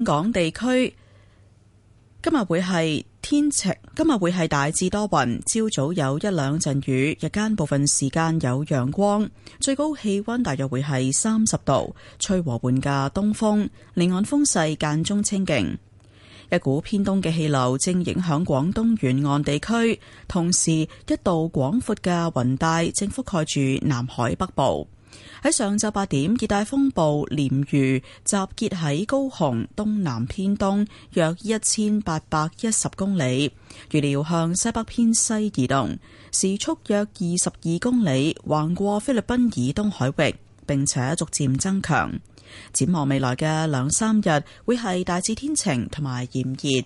香港地區今日會係天晴，今日會係大致多雲，朝早有一兩陣雨，日間部分時間有陽光，最高氣溫大約會係三十度，吹和緩嘅東風，離岸風勢間中清勁。一股偏東嘅氣流正影響廣東沿岸地區，同時一道廣闊嘅雲帶正覆蓋住南海北部。喺上晝八點，熱帶風暴鮎魚集結喺高雄東南偏東約一千八百一十公里，預料向西北偏西移動，時速約二十二公里，橫過菲律賓以東海域，並且逐漸增強。展望未來嘅兩三日，會係大致天晴同埋炎熱。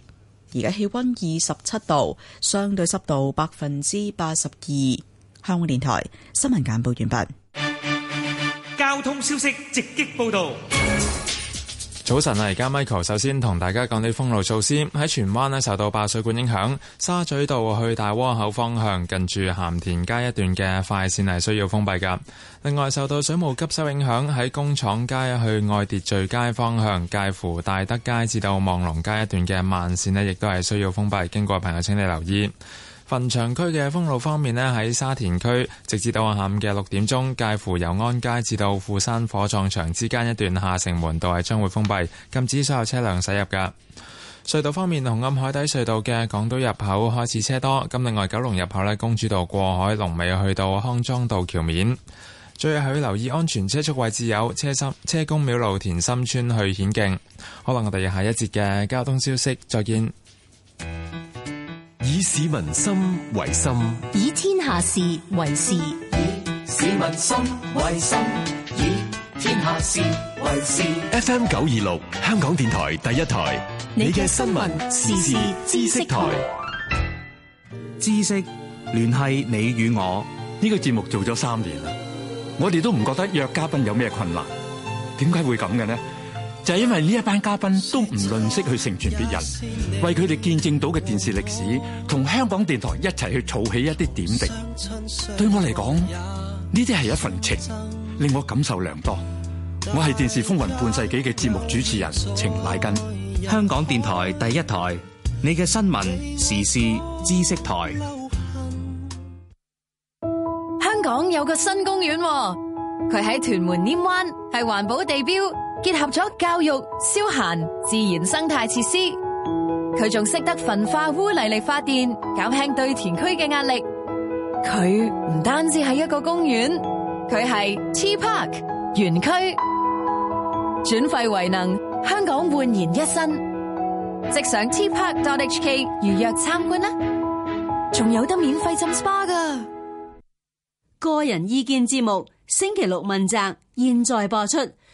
而家氣溫二十七度，相對濕度百分之八十二。香港電台新聞簡報完畢。交通消息直擊報道。早晨啊，而家 Michael 首先同大家講啲封路措施。喺荃灣咧，受到爆水管影響，沙咀道去大窩口方向近住咸田街一段嘅快線係需要封閉噶。另外，受到水務急修影響，喺工廠街去愛秩序街方向，介乎大德街至到望隆街一段嘅慢線咧，亦都係需要封閉。經過朋友，請你留意。墳場區嘅封路方面呢，喺沙田區，直至到下午嘅六點鐘，介乎由安街至到富山火葬場之間一段下城門道係將會封閉，禁止所有車輛駛入㗎。隧道方面，紅磡海底隧道嘅港島入口開始車多，咁另外九龍入口呢，公主道過海龍尾去到康莊道橋面。最後係要留意安全車速位置有車車公廟路、田心村去顯徑。好啦，我哋下一節嘅交通消息，再見。市民心為心，以天下事為事。以市民心為心，以天下事為事。FM 九二六，香港電台第一台，你嘅新聞時事知識台，知識聯繫你與我。呢、這個節目做咗三年啦，我哋都唔覺得約嘉賓有咩困難，點解會咁嘅呢？就因為呢一班嘉賓都唔吝嗇去成全別人，為佢哋見證到嘅電視歷史，同香港電台一齊去儲起一啲點滴，對我嚟講，呢啲係一份情，真真令我感受良多。我係電視風雲半世紀嘅節目主持人程乃根，香港電台第一台你嘅新聞時事知識台。香港有個新公園，佢喺屯門稔灣，係環保地標。結合咗教育、消閒、自然生態設施，佢仲識得焚化污泥、力發電，減輕對田區嘅壓力。佢唔單止係一個公園，佢係 T Park 園區，轉廢為能，香港煥然一新。即上 T Park dot HK 預約參觀啦，仲有得免費浸 SPA 噶。個人意見節目，星期六問責，現在播出。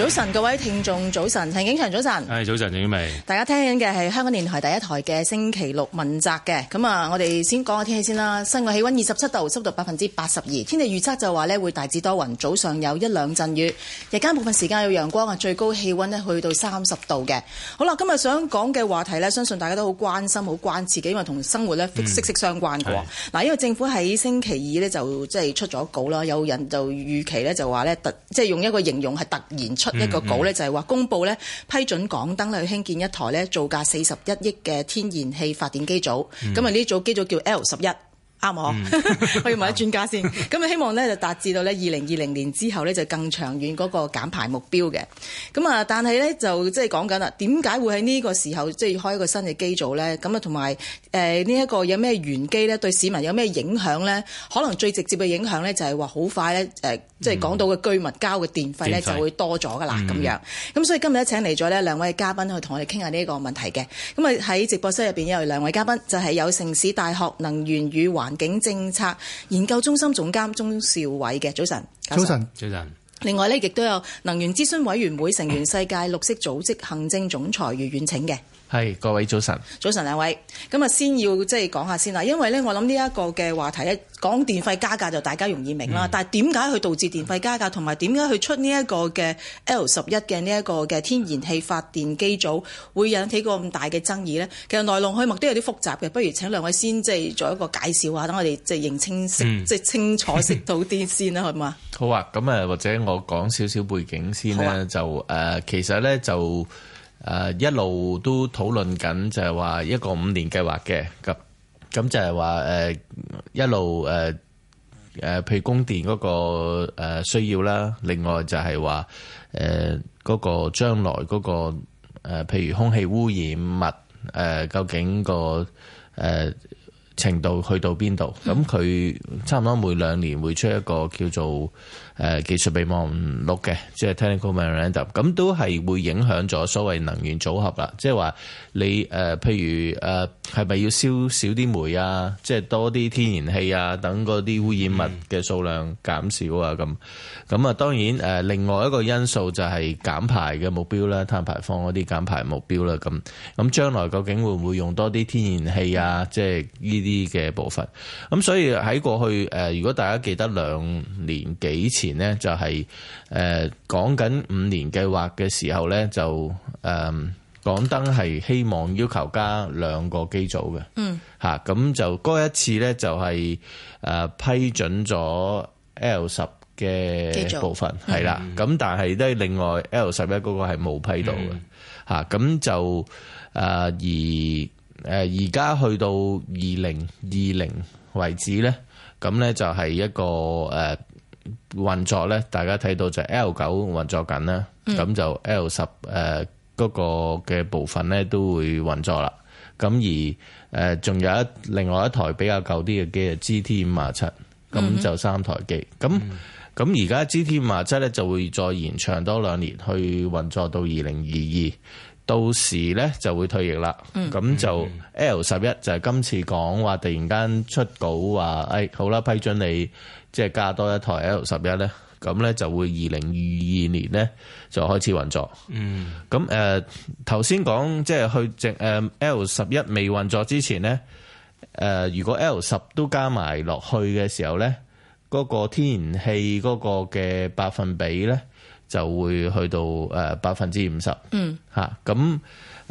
早晨，各位聽眾，早晨，陳景祥，早晨。係、哎、早晨，鄭婉薇。大家聽緊嘅係香港電台第一台嘅星期六問責嘅。咁啊，我哋先講下天氣先啦。室外氣溫二十七度，濕度百分之八十二。天氣預測就話咧會大致多雲，早上有一兩陣雨，日間部分時間有陽光啊。最高氣溫咧去到三十度嘅。好啦，今日想講嘅話題咧，相信大家都好關心、好關切，嘅因為同生活咧息息相關嘅。嗱、嗯，因為、這個、政府喺星期二咧就即係出咗稿啦，有人就預期咧就話咧特，即係用一個形容係突然出。一個稿咧就係話公布咧批准港燈咧去興建一台咧造價四十一億嘅天然氣發電機組，咁啊呢組機組叫 L 十一。啱喎，對 我要問下專家先。咁啊，希望咧就達至到咧二零二零年之後咧就更長遠嗰個減排目標嘅。咁啊，但係咧就即係講緊啦，點解會喺呢個時候即係開一個新嘅機組咧？咁啊，同埋誒呢一個有咩玄機咧，對市民有咩影響咧？可能最直接嘅影響咧就係話好快咧誒，即係講到嘅居民交嘅電費咧就會多咗㗎啦咁樣。咁、嗯、所以今日咧請嚟咗呢兩位嘉賓去同我哋傾下呢一個問題嘅。咁啊喺直播室入邊有兩位嘉賓，就係、是、有城市大學能源與環環境政策研究中心總監鍾兆偉嘅。早晨，早晨，早晨。晨早晨，另外呢，亦都有能源諮詢委員會成員、世界綠色組織行政總裁余遠騁嘅。係各位早晨，早晨兩位，咁啊先要即係講下先啦，因為咧我諗呢一個嘅話題咧，講電費加價就大家容易明啦，嗯、但係點解去導致電費加價，同埋點解去出呢一個嘅 L 十一嘅呢一個嘅天然氣發電機組會引起個咁大嘅爭議呢？其實來龍去脈都有啲複雜嘅，不如請兩位先即係做一個介紹啊，等我哋即係認清識、嗯，即 係清楚識到啲先啦，好唔好啊？好啊，咁啊或者我講少少背景先咧，啊、就誒、呃、其實呢，就。誒、uh，一路都討論緊，就係話一個五年計劃嘅咁，咁就係話誒一路誒誒、呃，譬如供電嗰、嗰個、呃、需要啦。另外就係話誒嗰個將來嗰、嗰個、呃、譬如空氣污染物誒、呃，究竟、嗰個誒、呃、程度去到邊度？咁佢差唔多每兩年會出一個叫做。誒、呃、技術備忘錄嘅，即係 Technical Memorandum，咁都係會影響咗所謂能源組合啦。即係話你誒、呃、譬如誒係咪要燒少啲煤啊？即係多啲天然氣啊？等啲污染物嘅數量減少啊？咁咁啊，當然誒、呃、另外一個因素就係減排嘅目標啦，碳排放啲減排目標啦。咁咁將來究竟會唔會用多啲天然氣啊？嗯、即係呢啲嘅部分。咁所以喺過去誒、呃、如果大家記得兩年幾。前呢就係誒講緊五年計劃嘅時候呢，就誒港燈係希望要求加兩個機組嘅，嗯吓，咁就嗰一次呢就係誒批准咗 L 十嘅部分係啦。咁但係都係另外 L 十一嗰個係冇批到嘅吓，咁就誒而誒而家去到二零二零為止呢，咁呢就係一個誒。運作呢，大家睇到就 L 九運作緊啦，咁、嗯、就 L 十誒嗰個嘅部分呢，都會運作啦。咁而誒仲、呃、有一另外一台比較舊啲嘅機啊，G T 五啊七，咁就三台機。咁咁而家 G T 五啊七呢，就會再延長多兩年去運作到二零二二。到時咧就會退役啦，咁、嗯、就 L 十一就係今次講話突然間出稿話，誒、哎、好啦批准你即係加多一台 L 十一咧，咁咧就會二零二二年咧就開始運作。咁誒頭先講即係去直誒、呃、L 十一未運作之前咧，誒、呃、如果 L 十都加埋落去嘅時候咧，嗰、那個天然氣嗰個嘅百分比咧？就會去到誒百分之五十，嗯吓咁。啊。誒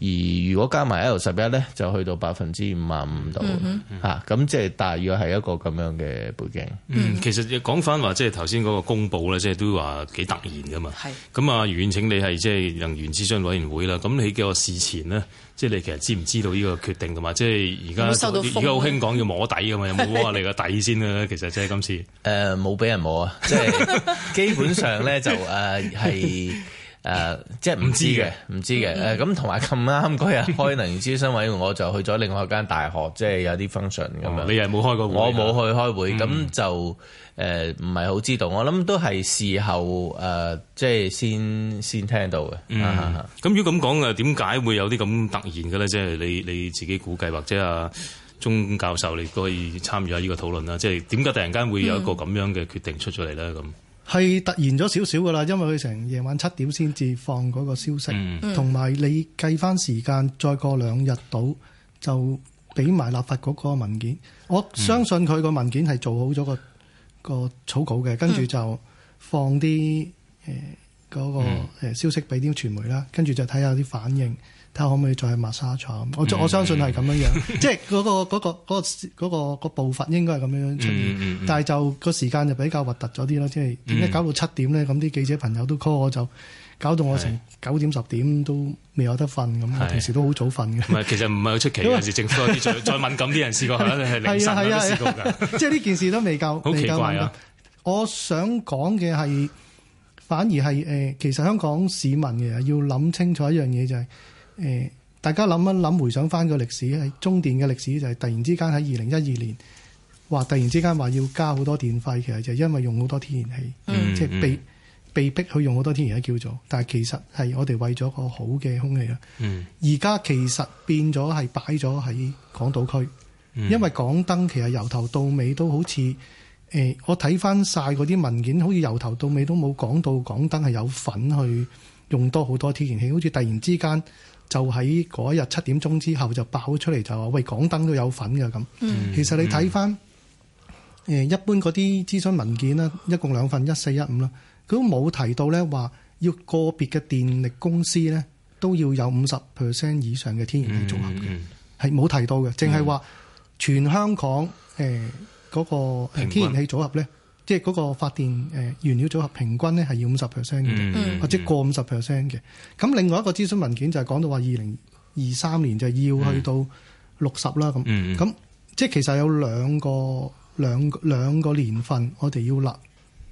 而如果加埋 L 十一咧，就去到百分之五十五度嚇，咁即係大約係一個咁樣嘅背景。嗯，其實講翻話即係頭先嗰個公佈咧，即係都話幾突然嘅嘛。係咁啊，遠騁你係即係能源諮詢委員會啦。咁你嘅事前呢，即係你其實知唔知道呢個決定同埋即係而家而家好興講要摸底嘅嘛？有冇摸你個底先咧？ 其實即係今次誒冇俾人摸啊，即係基本上咧就誒、是、係。 誒、呃，即係唔知嘅，唔知嘅，誒、嗯，咁同埋咁啱嗰日開能源諮詢委員，我就去咗另外一間大學，即係有啲 function 咁樣。你係冇開過會？我冇去開會，咁、嗯、就誒唔係好知道。我諗都係事後誒，即係先先聽到嘅。咁如果咁講嘅，點解會有啲咁突然嘅咧？即、就、係、是、你你自己估計，或者阿鍾教授，你都可以參與下呢個討論啦。即係點解突然間會有一個咁樣嘅決定出咗嚟咧？咁、嗯？係突然咗少少噶啦，因為佢成夜晚七點先至放嗰個消息，同埋、嗯、你計翻時間，再過兩日到就俾埋立法局嗰個文件。我相信佢個文件係做好咗個個草稿嘅，跟住就放啲誒嗰個誒消息俾啲傳媒啦，跟住就睇下啲反應。睇下可唔可以再係抹沙廠，我我相信係咁樣樣，即係嗰個嗰個嗰個步伐應該係咁樣樣出現，但係就個時間就比較核突咗啲囉。即係點解搞到七點咧？咁啲記者朋友都 call 我就，搞到我成九點十點都未有得瞓咁，我平時都好早瞓嘅。唔係，其實唔係好出奇，有時政府有啲再敏感啲，人試過嚇，係凌晨都試過。即係呢件事都未夠好奇怪。我想講嘅係反而係誒，其實香港市民嘅要諗清楚一樣嘢就係。誒，大家諗一諗，回想翻個歷史，喺中電嘅歷史就係突然之間喺二零一二年，話突然之間話要加好多電費，其實就因為用好多天然氣，mm hmm. 即係被被逼去用好多天然氣叫做。但係其實係我哋為咗個好嘅空氣啊。而家、mm hmm. 其實變咗係擺咗喺港島區，因為港燈其實由頭到尾都好似誒、呃，我睇翻晒嗰啲文件，好似由頭到尾都冇講到港燈係有份去用多好多天然氣，好似突然之間，就喺嗰日七點鐘之後就爆出嚟，就話喂，港燈都有份嘅，咁，嗯、其實你睇翻誒一般嗰啲諮詢文件啦，一共兩份一四一五啦，佢都冇提到咧，話要個別嘅電力公司咧都要有五十 percent 以上嘅天然氣組合嘅，係冇、嗯、提到嘅，淨係話全香港誒嗰、呃嗰個天然氣組合咧。即係嗰個發電原料組合平均咧係要五十 percent 嘅，mm hmm. 或者過五十 percent 嘅。咁另外一個諮詢文件就係講到話二零二三年就要去到六十啦咁。咁、mm hmm. 即係其實有兩個兩個兩個年份我哋要立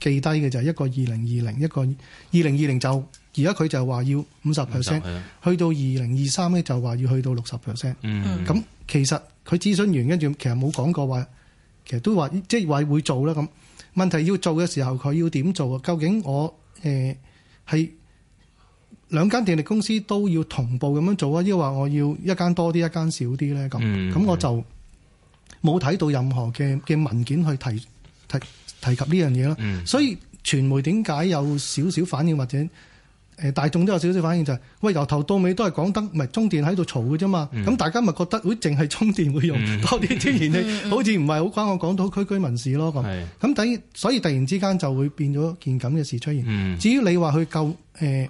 記低嘅就係、是、一個二零二零，一個二零二零就而家佢就話要五十 percent，去到二零二三咧就話要去到六十 percent。咁、mm hmm. 其實佢諮詢完跟住其實冇講過話。其實都話即係話會做啦咁，問題要做嘅時候佢要點做啊？究竟我誒係、呃、兩間電力公司都要同步咁樣做啊？抑或我要一間多啲一間少啲咧咁？咁、嗯、我就冇睇到任何嘅嘅文件去提提提及呢樣嘢咯。嗯、所以傳媒點解有少少反應或者？誒大眾都有少少反應，就係喂由頭到尾都係講得唔係中電喺度嘈嘅啫嘛。咁大家咪覺得，會淨係中電會用多啲天然氣，好似唔係好關我港島區居民事咯咁。咁等所以突然之間就會變咗件咁嘅事出現。至於你話去救誒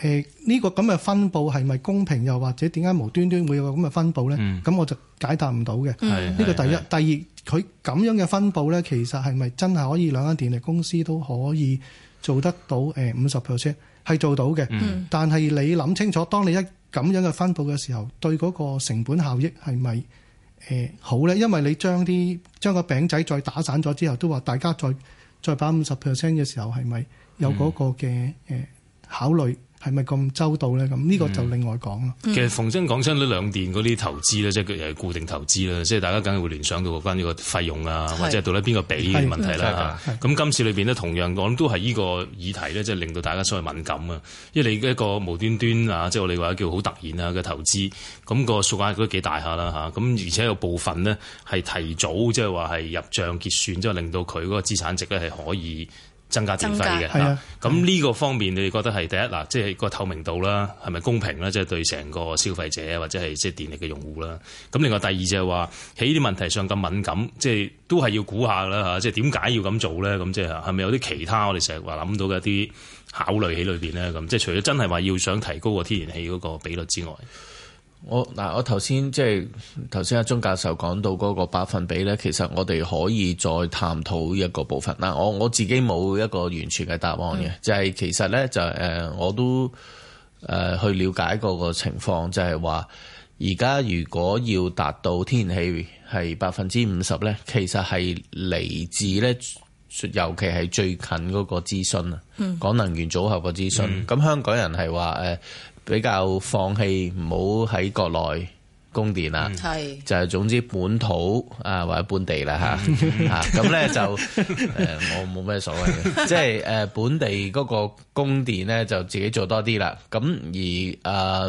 誒呢個咁嘅分佈係咪公平，又或者點解無端端會有咁嘅分佈咧？咁我就解答唔到嘅。呢個第一，第二佢咁樣嘅分佈咧，其實係咪真係可以兩間電力公司都可以做得到？誒五十 percent。係做到嘅，嗯、但係你諗清楚，當你一咁樣嘅分佈嘅時候，對嗰個成本效益係咪誒好咧？因為你將啲將個餅仔再打散咗之後，都話大家再再擺五十 percent 嘅時候是是，係咪有嗰個嘅誒考慮？係咪咁周到咧？咁、這、呢個就另外講咯。嗯、其實馮生講親呢兩電嗰啲投資咧，即係佢又係固定投資啦。即係大家梗係會聯想到關於個費用啊，是或者到底邊個俾嘅問題啦。咁今次裏邊咧，同樣講都係呢個議題咧，即係令到大家所謂敏感啊。因為你一個無端端啊，即係我哋話叫好突然啊嘅投資，咁、那個數額都幾大下啦嚇。咁而且有部分咧係提早，即係話係入帳結算，即係令到佢嗰個資產值咧係可以。增加電費嘅，咁呢個方面你哋覺得係第一嗱，即係個透明度啦，係咪公平啦？即係對成個消費者或者係即係電力嘅用戶啦。咁另外第二就係話喺呢啲問題上咁敏感，即係都係要估下啦嚇、啊。即係點解要咁做咧？咁即係係咪有啲其他我哋成日話諗到嘅一啲考慮喺裏邊咧？咁即係除咗真係話要想提高個天然氣嗰個比率之外。我嗱，我頭先即係頭先阿鍾教授講到嗰個百分比呢，其實我哋可以再探討一個部分。嗱，我我自己冇一個完全嘅答案嘅，嗯、就係其實呢，就係、呃、我都誒、呃、去了解嗰個情況，就係話而家如果要達到天然氣係百分之五十呢，其實係嚟自呢，尤其係最近嗰個諮詢啊，嗯、講能源組合個諮詢。咁、嗯、香港人係話誒。呃比較放棄唔好喺國內供電啦，係、嗯、就係總之本土啊或者本地啦吓，咁咧就誒、呃、我冇咩所謂，即係誒本地嗰個供電咧就自己做多啲啦。咁而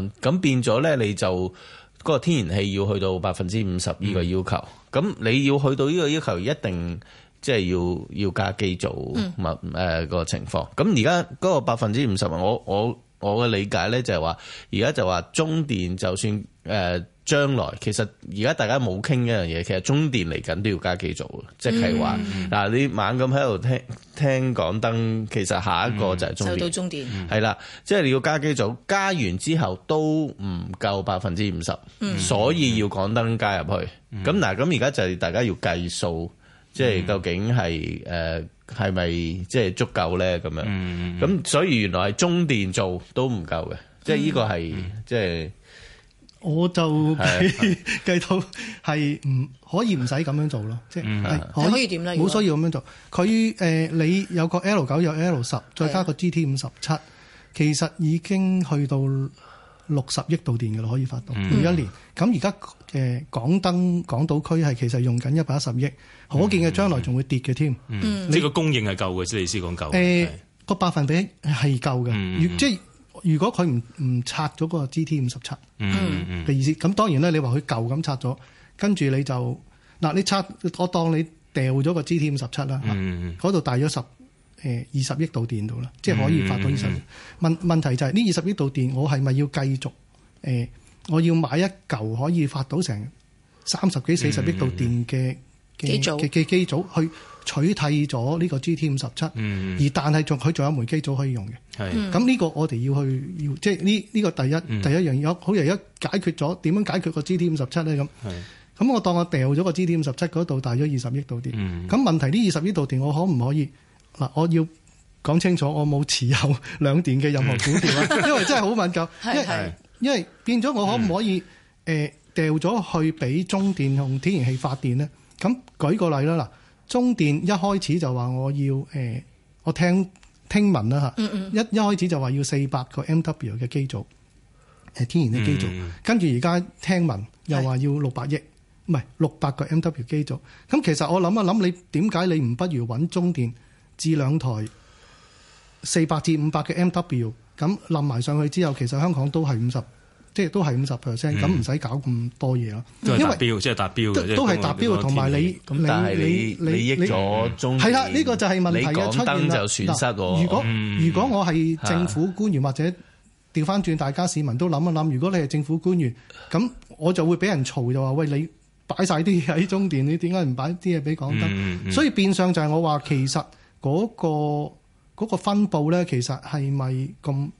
誒咁、呃、變咗咧你就嗰、嗰個天然氣要去到百分之五十呢個要求，咁你要去到呢個要求一定即係要要加機組物誒、嗯、個情況。咁而家嗰個百分之五十啊，我我。我我我嘅理解咧就係話，而家就話中電就算誒、呃、將來，其實而家大家冇傾一樣嘢，其實中電嚟緊都要加機組，即係話嗱，你猛咁喺度聽聽港燈，其實下一個就係中電，就到中電係啦，即、嗯、係、就是、你要加機組，加完之後都唔夠百分之五十，嗯、所以要港燈加入去。咁嗱、嗯，咁而家就係大家要計數，即、就、係、是、究竟係誒。嗯嗯係咪即係足夠咧？咁樣咁，所以原來係中電做都唔夠嘅，即係呢個係即係，我就計到係唔可以唔使咁樣做咯，即係可以點咧？冇需要咁樣做。佢誒，你有個 L 九，有 L 十，再加個 GT 五十七，其實已經去到。六十億度電嘅咯，可以發動二一年。咁而家誒，港燈港島區係其實用緊一百一十億，嗯嗯嗯，可見嘅將來仲會跌嘅添。嗯嗯你即係個供應係夠嘅，即係意思講夠。誒、呃，個是、呃、百分比係夠嘅。即係如果佢唔唔拆咗個 G T 五十七，嘅意思咁，當然咧，你話佢舊咁拆咗，跟住你就嗱，你拆我當你掉咗個 G T 五十七啦。嗰度大咗十。誒二十億度電度啦，嗯、即係可以發到二十億，問問題就係呢二十億度電，我是是，我係咪要繼續誒？我要買一嚿可以發到成三十幾四十億度電嘅嘅嘅機組去取替咗呢個 G T 五十七，而但係仲佢仲有煤機組可以用嘅。係咁呢個我哋要去要即係呢呢個第一、嗯、第一樣嘢，好似而家解決咗點樣解決個 G T 五十七咧咁。咁我當我掉咗個 G T 五十七嗰度，大咗二十億度電。咁問題呢二十億度電，我可唔可以？嗱，我要講清楚，我冇持有兩電嘅任何股票，因為真係好敏感。因為變咗我可唔可以誒掉咗去俾中電用天然氣發電咧？咁舉個例啦，嗱，中電一開始就話我要誒，我聽聽聞啦吓，一一開始就話要四百個 M W 嘅機組誒，天然嘅機組，跟住而家聽聞又話要六百億唔係六百個 M W 機組。咁其實我諗一諗，你點解你唔不如搵中電？至兩台四百至五百嘅 M W，咁冧埋上去之後，其實香港都係五十，即係都係五十 percent，咁唔使搞咁多嘢咯。因為達即係達標，都都係達標，同埋你你你你益咗中。係啦，呢個就係問題出現啦。如果如果我係政府官員或者調翻轉，大家市民都諗一諗，如果你係政府官員，咁我就會俾人嘈就話，喂，你擺晒啲嘢喺中電，你點解唔擺啲嘢俾港燈？所以變相就係我話其實。嗰個分佈咧，其實係咪咁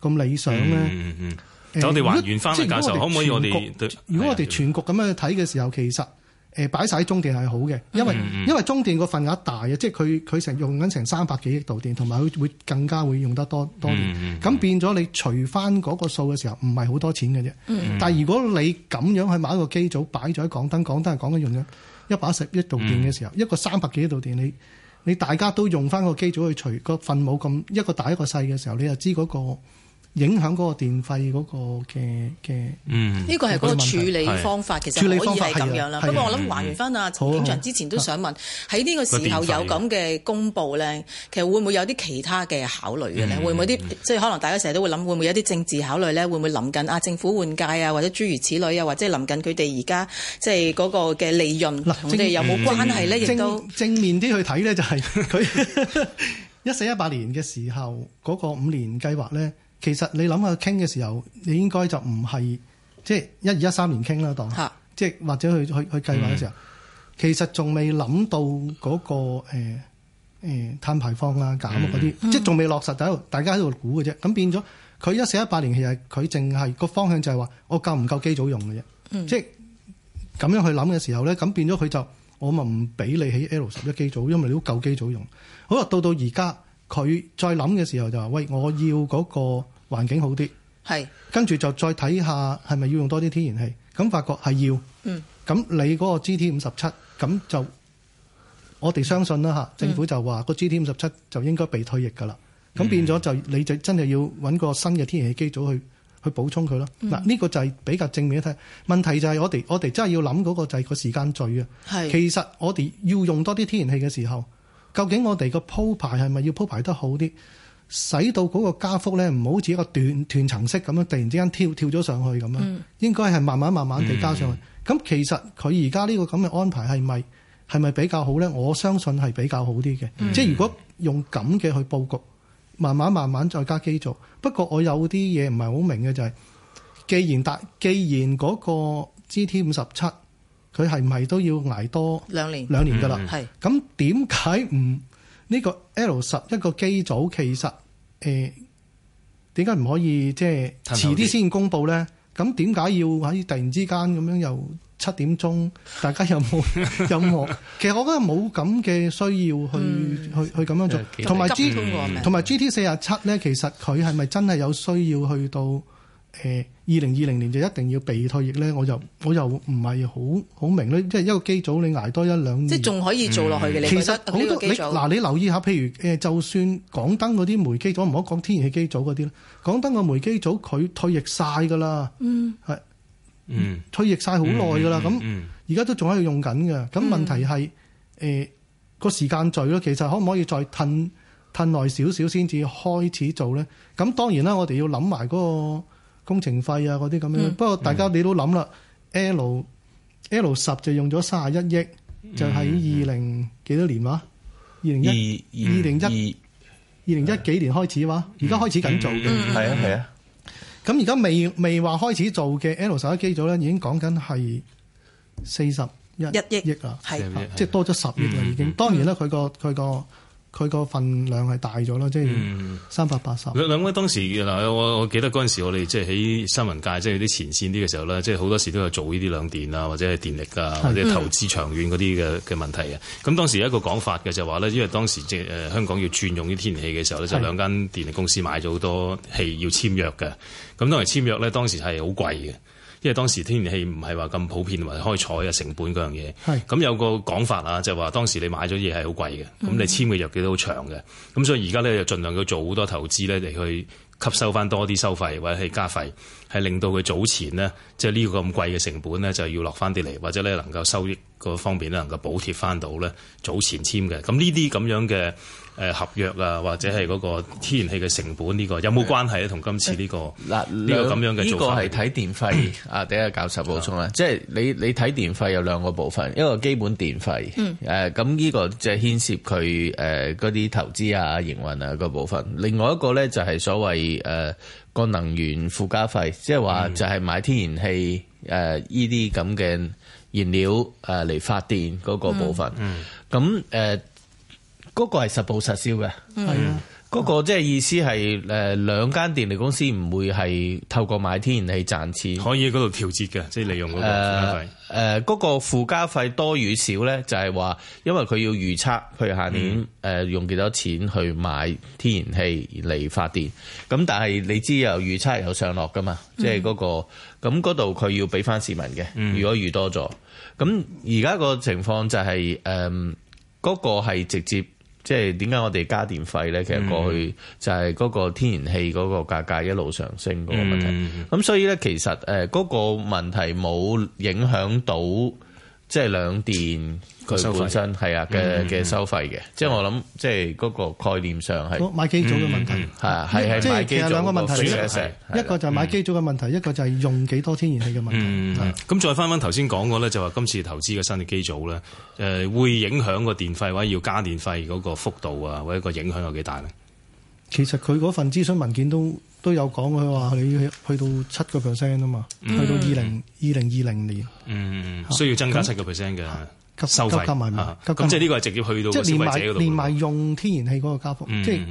咁理想咧、嗯？嗯嗯我哋還原翻嚟教授可唔可以我哋？如果我哋全局咁樣去睇嘅時候，哎、其實誒擺晒喺中電係好嘅，因為、嗯嗯、因為中電個份額大啊，即係佢佢成用緊成三百幾億度電，同埋佢會更加會用得多多電。咁變咗，你除翻嗰個數嘅時候，唔係好多錢嘅啫。嗯、但係如果你咁樣去買一個機組擺咗喺港燈，港燈港燈用咗一百一十億度電嘅時候，嗯、一個三百幾億度電你。你大家都用翻個機組去除個份母，咁一個大一個細嘅時候，你就知嗰、那個。影響嗰個電費嗰個嘅嘅，呢個係嗰個處理方法，其實可以係咁樣啦。不過我諗還原翻阿陳景祥之前都想問，喺呢個時候有咁嘅公佈咧，其實會唔會有啲其他嘅考慮嘅咧？會唔會啲即係可能大家成日都會諗，會唔會有啲政治考慮咧？會唔會臨近啊政府換屆啊，或者諸如此類啊，或者臨近佢哋而家即係嗰個嘅利潤同佢哋有冇關係咧？亦都正面啲去睇咧，就係佢一四一八年嘅時候嗰個五年計劃咧。其實你諗下傾嘅時候，你應該就唔係即係一、二、就是、一三年傾啦，當即係或者去去去計劃嘅時候，嗯、其實仲未諗到嗰、那個誒誒碳排放啊嗰啲，欸嗯、即係仲未落實，就喺度大家喺度估嘅啫。咁變咗佢一四一八年其實佢淨係個方向就係話我夠唔夠機組用嘅啫，嗯、即係咁樣去諗嘅時候咧，咁變咗佢就我咪唔俾你起 L 十一機組，因為你都夠機組用。好啦，到到而家。佢再諗嘅時候就話：「喂，我要嗰個環境好啲。係是跟住就再睇下係咪要用多啲天然氣。」咁發覺係要。嗯。咁你嗰個 G T 五十七，咁就我哋相信啦吓，政府就話個 G T 五十七就應該被退役噶啦。咁變咗就你就真係要揾個新嘅天然氣機組去去補充佢咯。嗱、嗯，呢、啊這個就係比較正面一睇。問題就，就係我哋我哋真係要諗嗰個就係個時間序啊。係是。其實我哋要用多啲天然氣嘅時候究竟我哋個鋪排係咪要鋪排得好啲，使到嗰個加幅咧唔好似一個斷斷層式咁樣突然之間跳跳咗上去咁樣，應該係慢慢慢慢地加上去。咁、嗯、其實佢而家呢個咁嘅安排係咪係咪比較好咧？我相信係比較好啲嘅。嗯、即係如果用咁嘅去布局，慢慢慢慢再加機組。不過我有啲嘢唔係好明嘅就係、是、既然達既然嗰個 GT 五十七。佢係咪都要捱多兩年兩年㗎啦？係，咁點解唔呢個 L 十一個機組，其實誒點解唔可以即係、呃、遲啲先公佈咧？咁點解要喺突然之間咁樣又七點鐘？大家有冇有冇？ 其實我覺得冇咁嘅需要去，嗯、去去咁樣做。同埋 G 同埋 GT 四十七咧，其實佢係咪真係有需要去到？誒，二零二零年就一定要被退役咧，我就我又唔係好好明咧，即係一個機組你挨多一兩年，即係仲可以做落去嘅。嗯、你覺說得你幾嗱，你留意下，譬如誒，就算港燈嗰啲煤機組，唔好講天然氣機組嗰啲啦。港燈個煤機組佢退役晒噶啦，嗯，係嗯，退役晒好耐噶啦。咁而家都仲喺度用緊嘅。咁、嗯、問題係誒個時間序咯，其實可唔可以再褪褪耐少少先至開始做咧？咁當然啦，我哋要諗埋嗰個。工程費啊，嗰啲咁樣。不過大家你都諗啦，L L 十就用咗三十一億，就喺二零幾多年嘛？二零一二零一二零一幾年開始嘛？而家開始緊做嘅，係啊，係啊。咁而家未未話開始做嘅 L 十一機組咧，已經講緊係四十一億啊，係，即係多咗十億啦，已經。當然啦，佢個佢個。佢個份量係大咗咯，即係三百八十。兩位、嗯、當時嗱，我我記得嗰陣時，我哋即係喺新聞界，即係啲前線啲嘅時候咧，即係好多時都有做呢啲兩電啊，或者係電力啊，或者投資長遠嗰啲嘅嘅問題啊。咁的當時有一個講法嘅就話咧，因為當時即係誒香港要轉用啲天然氣嘅時候咧，就是、兩間電力公司買咗好多氣要簽約嘅。咁當年簽約咧，當時係好貴嘅。因為當時天然氣唔係話咁普遍，或者開採嘅成本嗰樣嘢，係咁是有個講法啊，就話、是、當時你買咗嘢係好貴嘅，咁你簽嘅藥劑都好長嘅，咁、嗯、所以而家咧就盡量要做好多投資咧，嚟去吸收翻多啲收費或者係加費，係令到佢早前咧即係呢個咁貴嘅成本咧就要落翻啲嚟，或者咧、就是、能夠收益個方面咧能夠補貼翻到咧早前簽嘅，咁呢啲咁樣嘅。誒合約啊，或者係嗰個天然氣嘅成本呢、呢個有冇關係咧？同今次呢、呢個呢、嗯、個咁樣嘅做法？呢個係睇電費 啊！第一個教授補充啦，是的 即係你你睇電費有兩個部分，一個基本電費，誒咁呢個即係牽涉佢誒嗰啲投資啊、營運啊個部分。另外一個咧就係所謂誒個、呃、能源附加費，即係話就係買天然氣誒依啲咁嘅燃料誒嚟發電嗰個部分。咁誒。嗰個係實報實銷嘅，係啊的，嗰個即係意思係誒、呃、兩間電力公司唔會係透過買天然氣賺錢，可以喺嗰度調節嘅，即、就、係、是、利用嗰個附加費。誒嗰、呃呃那個附加費多與少咧，就係、是、話因為佢要預測，譬如下年誒用幾多錢去買天然氣嚟發電，咁、嗯、但係你知有預測有上落噶嘛？即係嗰個咁嗰度佢要俾翻市民嘅。如果預多咗，咁而家個情況就係誒嗰個係直接。即係點解我哋加電費咧？其實過去就係嗰個天然氣嗰個價格一路上升嗰、嗯、個問題。咁所以咧，其實誒嗰個問題冇影響到。即係兩電佢本身係啊嘅嘅收費嘅，即係我諗即係嗰個概念上係買機組嘅問題，即係其實兩個問題，一個就係買機組嘅問題，一個就係用幾多天然氣嘅問題。咁再翻翻頭先講過咧，就話今次投資嘅新嘅機組咧，誒會影響個電費或者要加電費嗰個幅度啊，或者個影響有幾大咧？其實佢嗰份諮詢文件都都有講，佢話佢去到七個 percent 啊嘛，嗯、去到二零二零二零年，嗯，需要增加七個 percent 嘅受惠啊，咁即係呢個係直接去到消費者嗰度，中連埋用天然氣嗰個加幅，嗯、即係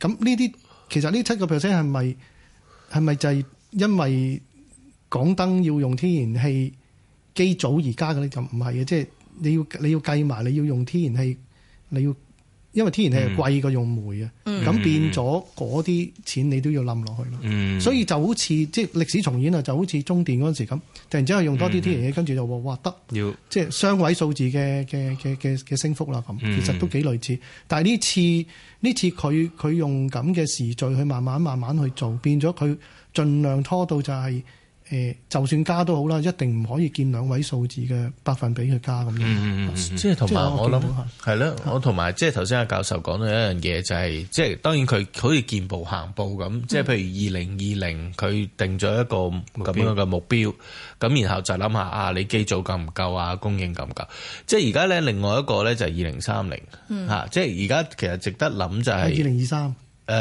咁呢啲，其實呢七個 percent 係咪係咪就係因為港燈要用天然氣機組而加嘅咧？就唔係嘅，即係你要你要計埋你要用天然氣，你要。因為天然氣係貴過用煤啊，咁、嗯、變咗嗰啲錢你都要冧落去啦。嗯、所以就好似即係歷史重演啊，就好似中電嗰陣時咁，突然之間用多啲天然氣，跟住就話哇得，要即係雙位數字嘅嘅嘅嘅嘅升幅啦。咁其實都幾類似，但係呢次呢次佢佢用咁嘅時序去慢慢慢慢去做，變咗佢盡量拖到就係、是。誒、呃，就算加都好啦，一定唔可以見兩位數字嘅百分比去加咁樣。嗯、是即係同埋我諗係咧，我同埋即係頭先阿教授講到一樣嘢，就是，就係、嗯、即係當然佢好似見步行步咁，即係、嗯、譬如二零二零佢定咗一個咁樣嘅目標，咁標然後就諗下啊，你機組夠唔夠啊，供應夠唔夠？即係而家咧，另外一個咧就係二零三零嚇，即係而家其實值得諗就係二零二三誒。嗯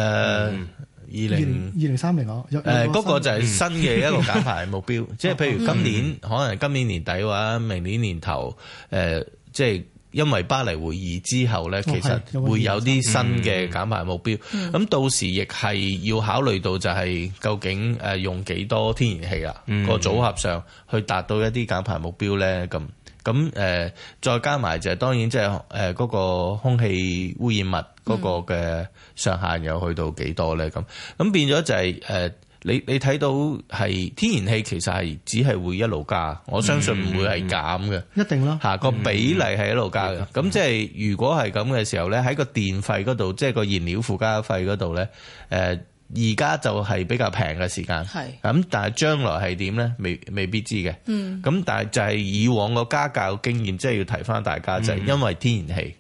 嗯嗯二零二零三零我，誒嗰個就係新嘅一個減排目標，即係 譬如今年 可能今年年底嘅話，明年年頭誒即係因為巴黎會議之後咧，哦、其實會有啲新嘅減排目標，咁、哦嗯、到時亦係要考慮到就係究竟誒用幾多天然氣啊、嗯、個組合上去達到一啲減排目標咧？咁咁誒再加埋就係、是、當然即係誒個空氣污染物。嗰個嘅上限又去到幾多咧？咁咁變咗就係、是、誒、呃，你你睇到係天然氣其實係只係會一路加，我相信唔會係減嘅、嗯，一定啦嚇個比例係一路加嘅。咁、嗯、即係如果係咁嘅時候咧，喺個電費嗰度，即係個燃料附加費嗰度咧，誒而家就係比較平嘅時間，係咁是。但係將來係點咧？未未必知嘅。嗯。咁但係就係以往個加價嘅經驗，即、就、係、是、要提翻大家就係、是、因為天然氣。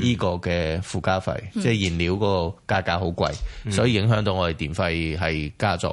依個嘅附加費，嗯、即係燃料嗰個價格好貴，嗯、所以影響到我哋電費係加咗。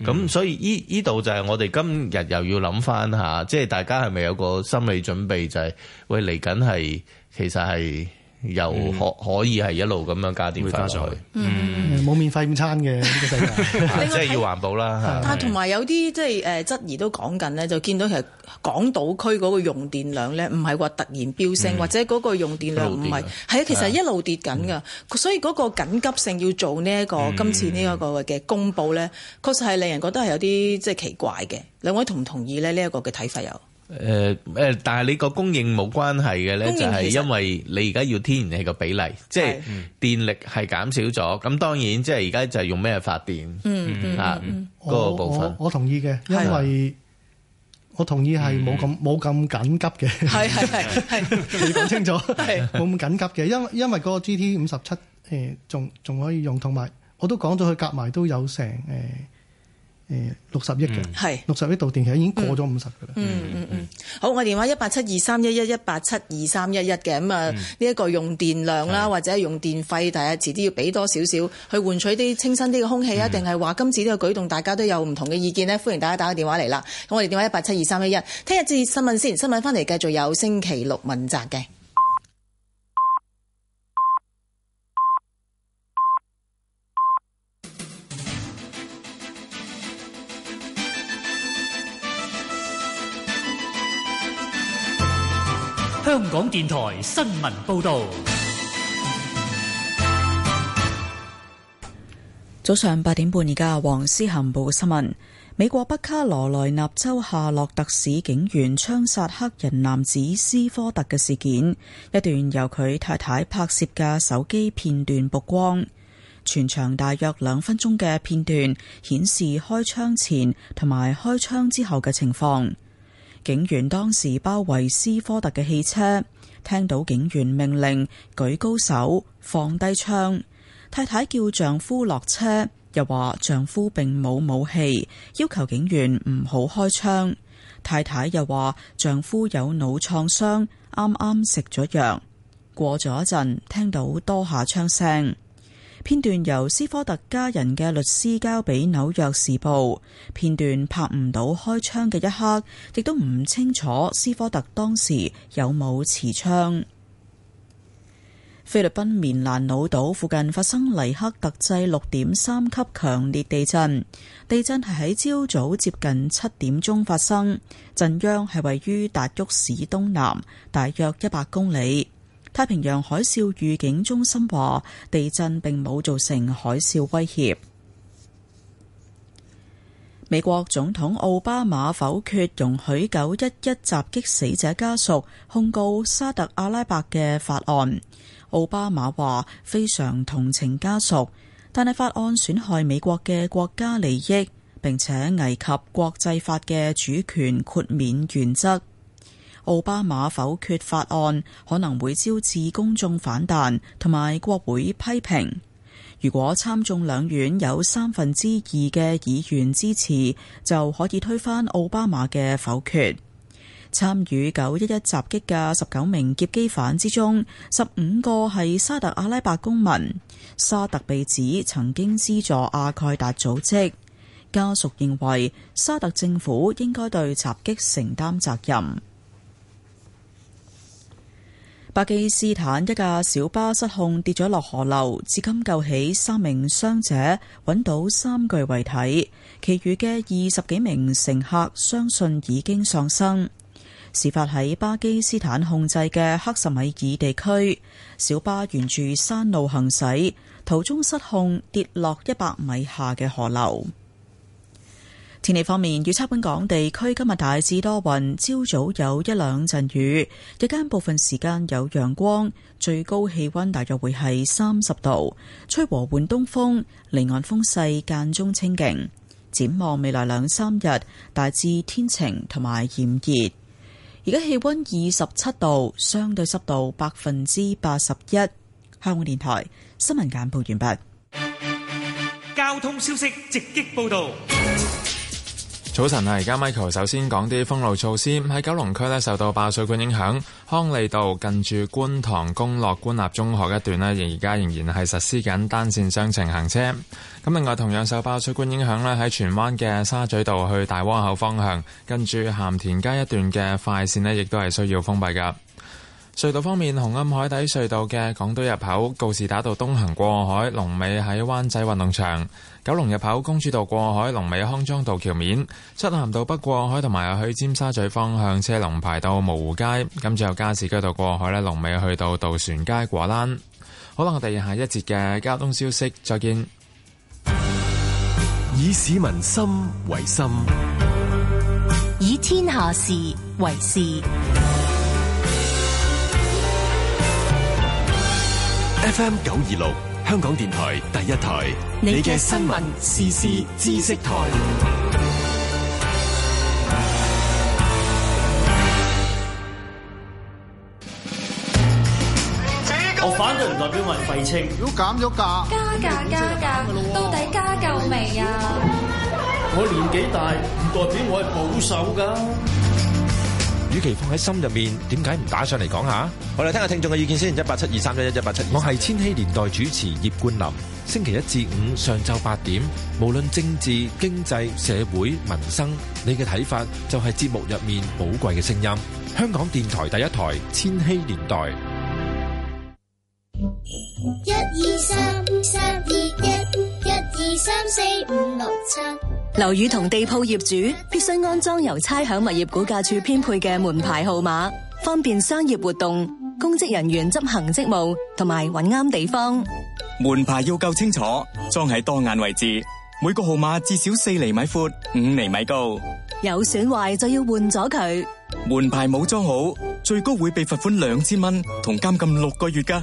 咁、嗯、所以依依度就係我哋今日又要諗翻下，即係大家係咪有個心理準備，就係、係、喂，嚟緊係其實係。又可可以係一路咁樣加電費上去，嗯，冇免費午餐嘅，呢個世界，即係要環保啦。但係同埋有啲即係誒質疑都講緊咧，就見到其實港島區嗰個用電量咧，唔係話突然飆升，或者嗰個用電量唔係係啊，其實一路跌緊㗎，所以嗰個緊急性要做呢一個今次呢一個嘅公佈咧，確實係令人覺得係有啲即係奇怪嘅。兩位同唔同意咧？呢一個嘅睇法有？誒誒、呃，但係你個供應冇關係嘅咧，就係因為你而家要天然氣個比例，嗯、即係電力係減少咗。咁當然，即係而家就係用咩發電？嗯嗯，嗯、啊，嚇、那、嗰個部分，我我同意嘅，因為我同意係冇咁冇咁緊急嘅。係係係，你講清楚係冇咁緊急嘅，因為因為嗰個 G T 五十七誒，仲仲可以用，同埋我都講咗佢夾埋都有成誒。呃呃誒，六十億嘅係六十億度電，其實已經過咗五十嘅啦。嗯嗯嗯，嗯嗯好，我電話一八七二三一一一八七二三一一嘅咁啊，呢一、嗯、個用電量啦，是或者係用電費，大家遲啲要俾多少少去換取啲清新啲嘅空氣啊？定係話今次呢個舉動，大家都有唔同嘅意見咧？歡迎大家打個電話嚟啦。咁我哋電話 11, 一八七二三一一。聽日節新聞先，新聞翻嚟繼續有星期六問責嘅。香港電台新聞報道，早上八點半，而家黃思涵報嘅新聞：美國北卡羅來納州夏洛特市警員槍殺黑人男子斯科特嘅事件，一段由佢太太拍攝嘅手機片段曝光，全長大約兩分鐘嘅片段，顯示開槍前同埋開槍之後嘅情況。警員當時包圍斯科特嘅汽車，聽到警員命令舉高手放低槍，太太叫丈夫落車，又話丈夫並冇武器，要求警員唔好開槍。太太又話丈夫有腦創傷，啱啱食咗藥。過咗一陣，聽到多下槍聲。片段由斯科特家人嘅律師交俾紐約時報。片段拍唔到開槍嘅一刻，亦都唔清楚斯科特當時有冇持槍。菲律賓棉蘭老島附近發生黎克特制六點三級強烈地震，地震係喺朝早接近七點鐘發生，震央係位於達沃市東南大約一百公里。太平洋海嘯預警中心話，地震並冇造成海嘯威脅。美國總統奧巴馬否決容許九一一襲擊死者家屬控告沙特阿拉伯嘅法案。奧巴馬話非常同情家屬，但係法案損害美國嘅國家利益，並且危及國際法嘅主權豁免原則。奧巴馬否決法案可能會招致公眾反彈同埋國會批評。如果參眾兩院有三分之二嘅議員支持，就可以推翻奧巴馬嘅否決。參與九一一襲擊嘅十九名劫機犯之中，十五個係沙特阿拉伯公民。沙特被指曾經資助阿蓋達組織，家屬認為沙特政府應該對襲擊承擔責任。巴基斯坦一架小巴失控跌咗落河流，至今救起三名傷者，揾到三具遺體，其餘嘅二十幾名乘客相信已經喪生。事發喺巴基斯坦控制嘅克什米爾地區，小巴沿住山路行駛，途中失控跌落一百米下嘅河流。天氣方面，預測本港地區今日大致多雲，朝早有一兩陣雨，日間部分時間有陽光，最高氣溫大約會係三十度，吹和緩東風，離岸風勢間中清勁。展望未來兩三日，大致天晴同埋炎熱。而家氣溫二十七度，相對濕度百分之八十一。香港電台新聞簡報完畢。交通消息直擊報道。早晨啊，而家 Michael 首先講啲封路措施。喺九龍區咧，受到爆水管影響，康利道近住觀塘公樂官立中學一段咧，而家仍然係實施緊單綫雙程行車。咁另外同樣受爆水管影響咧，喺荃灣嘅沙咀道去大窩口方向，近住鹹田街一段嘅快綫咧，亦都係需要封閉噶。隧道方面，紅磡海底隧道嘅港島入口告士打道東行過海，龍尾喺灣仔運動場；九龍入口公主道過海，龍尾康莊道橋面；漆咸道北過海同埋去尖沙咀方向，車龍排到蕪湖街；咁之後加士居道過海咧，龍尾去到渡船街果欄。好啦，我哋下一節嘅交通消息，再見。以市民心為心，以天下事為事。FM 九二六，香港電台第一台，你嘅新聞時事知識台。我反對唔代表我係廢青。如果減咗價，加價加價，到底加夠未啊？我年紀大，唔代表我係保守㗎。與其放喺心入面，點解唔打上嚟講下？我哋聽下聽眾嘅意見先，一八七二三一一一八七二，我係千禧年代主持葉冠霖，星期一至五上晝八點，無論政治、經濟、社會、民生，你嘅睇法就係節目入面寶貴嘅聲音。香港電台第一台千禧年代。一二三三。二三四五六七，樓宇同地鋪業主必須安裝由差餉物業估價署編配嘅門牌號碼，方便商業活動、公職人員執行職務同埋揾啱地方。門牌要夠清楚，裝喺當眼位置，每個號碼至少四厘米闊，五厘米高。有損壞就要換咗佢。門牌冇裝好，最高會被罰款兩千蚊同監禁六個月噶。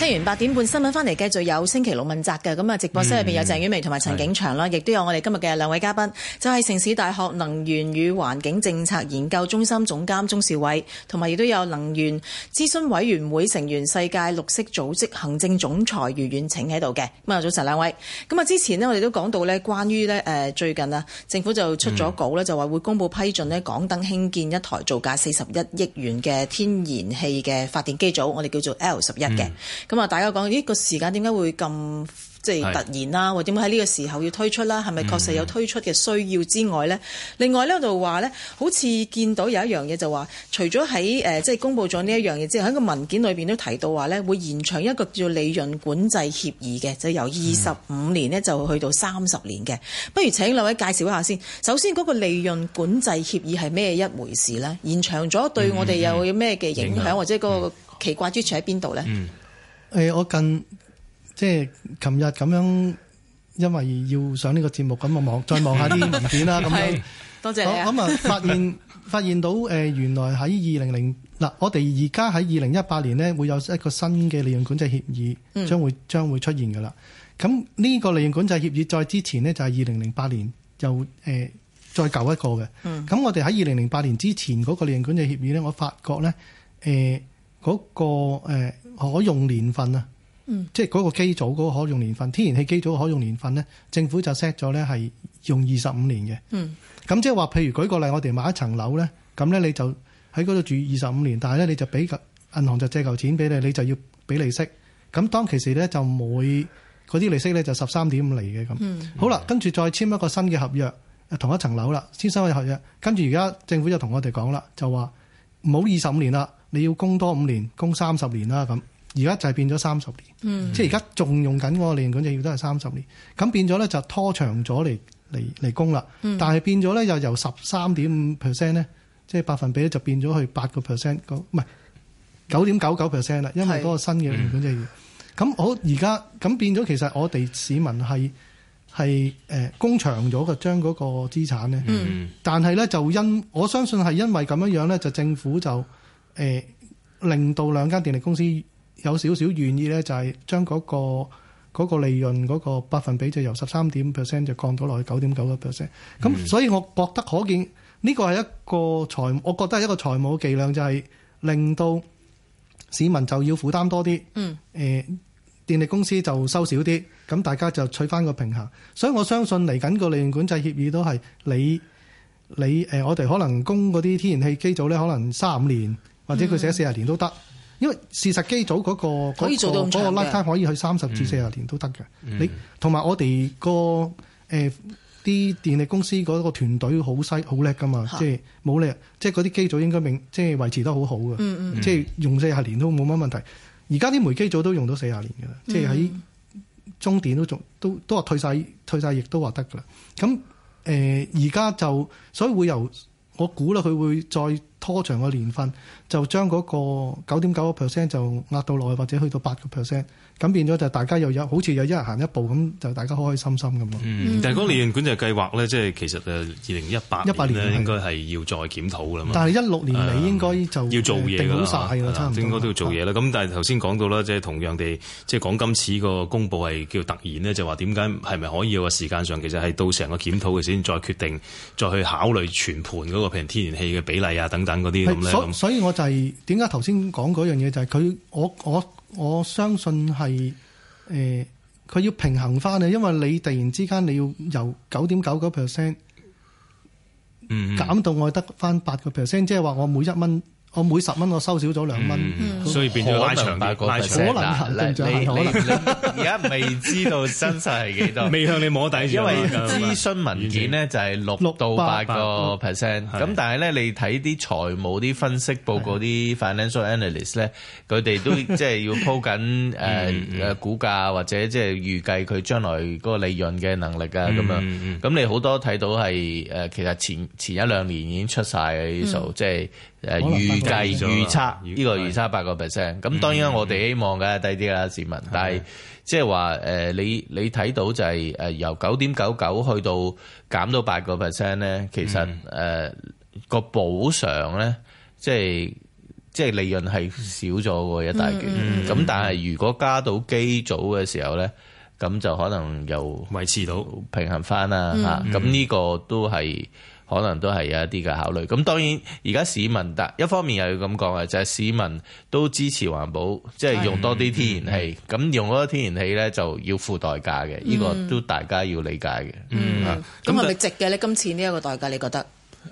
聽完八點半新聞翻嚟，繼續有星期六問責嘅咁啊！嗯、直播室入邊有鄭婉薇同埋陳景祥啦，亦都是有我哋今日嘅兩位嘉賓，就係、是、城市大學能源與環境政策研究中心總監鍾兆偉，同埋亦都有能源諮詢委員會成員、世界綠色組織行政總裁余遠騁喺度嘅。咁啊，早晨兩位。咁啊，之前呢，我哋都講到呢，關於呢，誒，最近啊，政府就出咗稿呢，嗯、就話會公布批准呢港燈興建一台造價四十一億元嘅天然氣嘅發電機組，我哋叫做 L 十一嘅。咁啊，大家講呢、這個時間點解會咁即係突然啦？是或點解喺呢個時候要推出啦？係咪確實有推出嘅需要之外呢？嗯、另外呢度話呢，好似見到有一樣嘢就話，除咗喺誒即係公佈咗呢一樣嘢，之後喺個文件裏邊都提到話呢，會延長一個叫做利潤管制協議嘅，就是、由二十五年呢就去到三十年嘅。嗯、不如請兩位介紹一下先。首先嗰個利潤管制協議係咩一回事呢？延長咗對我哋有咩嘅影響，嗯嗯嗯嗯、或者個奇怪之處喺邊度呢？嗯誒、呃，我近即係琴日咁樣，因為要上呢個節目咁，我望再望下啲文件啦。咁樣多謝你啊！咁啊，發現 發現到誒、呃，原來喺二零零嗱，我哋而家喺二零一八年呢，會有一個新嘅利潤管制協議將會、嗯、將會出現嘅啦。咁呢個利潤管制協議再之前呢，就係二零零八年又誒、呃、再舊一個嘅。咁、嗯、我哋喺二零零八年之前嗰個利潤管制協議呢，我發覺咧誒嗰個可用年份啊，嗯、即係嗰個機組嗰個可用年份，天然氣機組可用年份咧，政府就 set 咗咧係用二十五年嘅。咁、嗯、即係話，譬如舉個例，我哋買一層樓咧，咁咧你就喺嗰度住二十五年，但係咧你就俾銀行就借嚿錢俾你，你就要俾利息。咁當其時咧就每嗰啲利息咧就十三點五厘嘅咁。嗯、好啦，跟住再簽一個新嘅合約，同一層樓啦，簽新嘅合約。跟住而家政府就同我哋講啦，就話冇二十五年啦，你要供多五年，供三十年啦咁。而家就係變咗三十年，嗯、即係而家仲用緊嗰個利潤管制協議都係三十年。咁變咗咧就拖長咗嚟嚟嚟供啦。但係變咗咧又由十三點五 percent 咧，即係、就是、百分比咧就變咗去八個 percent，唔係九點九九 percent 啦。因為嗰個新嘅利潤管制協議，咁是我而家咁變咗，其實我哋市民係係誒供長咗嘅，將嗰個資產咧，嗯、但係咧就因我相信係因為咁樣樣咧，就政府就誒、呃、令到兩間電力公司。有少少願意咧，就係、是、將嗰、那個那個利潤嗰個百分比就由十三點 percent 就降到落去九點九個 percent。咁、嗯、所以我覺得可見呢、這個係一個財，我覺得係一個財務嘅伎倆、就是，就係令到市民就要負擔多啲。嗯，誒、呃、電力公司就收少啲，咁大家就取翻個平衡。所以我相信嚟緊個利潤管制協議都係你你誒、呃，我哋可能供嗰啲天然氣機組咧，可能三十五年或者佢寫四十年都得。嗯嗯。因為事實機組嗰、那個嗰個嗰個 lifetime 可以去三十至四十年都得嘅，嗯、你同埋我哋個誒啲電力公司嗰個團隊好犀好叻噶嘛，即係冇力，即係嗰啲機組應該明即係維持得好好嘅，即係、嗯嗯、用四十年都冇乜問題。而家啲煤機組都用到四十年嘅啦，即係喺中電都仲都都話退晒，退晒亦都話得噶啦。咁誒而家就所以會由我估啦，佢會再。拖長個年份，就將嗰個九點九個 percent 就壓到落去，或者去到八個 percent。咁變咗就大家又好有好似又一日行一步咁，就大家開開心心咁咯、嗯。但係嗰個利潤管制計劃咧，即係其實誒二零一八年咧，應該係要再檢討啦嘛。但係一六年尾應該就、嗯、要做嘢定好曬啦，差唔多。應該都要做嘢啦。咁但係頭先講到啦，即係同樣地，即係講今次個公佈係叫突然呢，就話點解係咪可以有個時間上，其實係到成個檢討嘅先，再決定，再去考慮全盤嗰個譬如天然氣嘅比例啊，等等嗰啲咁咧。所以，咁所以我就係點解頭先講嗰樣嘢就係佢我我。我.我相信係誒佢要平衡翻啊，因為你突然之間你要由九點九九 percent 嗯減到我得翻八個 percent，即係話我每一蚊。我每十蚊我收少咗兩蚊，所以變咗拉長嘅個股可能行。而家未知道真實係幾多，未向你摸底住。因為諮詢文件咧就係六到八個 percent，咁但係咧你睇啲財務啲分析報告啲 financial analyst 咧，佢哋都即係要鋪緊誒誒股價或者即係預計佢將來嗰個利潤嘅能力啊咁樣。咁你好多睇到係誒其實前前一兩年已經出曬啲數，即係。誒，預計、這個、預測呢個預測八個 percent，咁當然我哋希望梗係、嗯、低啲啦，市民。嗯、但係即係話，誒你你睇到就係、是、誒由九點九九去到減到八個 percent 咧，其實誒個、嗯呃、補償咧，即係即係利潤係少咗喎一大截。咁、嗯嗯、但係如果加到機組嘅時候咧，咁就可能又維持到平衡翻啦！嚇，咁呢個都係。可能都係有一啲嘅考慮，咁當然而家市民，但一方面又要咁講嘅就係、是、市民都支持環保，即、就、係、是、用多啲天然氣，咁、嗯、用多天然氣呢，就要付代價嘅，呢、嗯、個都大家要理解嘅。嗯，咁係咪值嘅呢？今次呢一個代價，你覺得？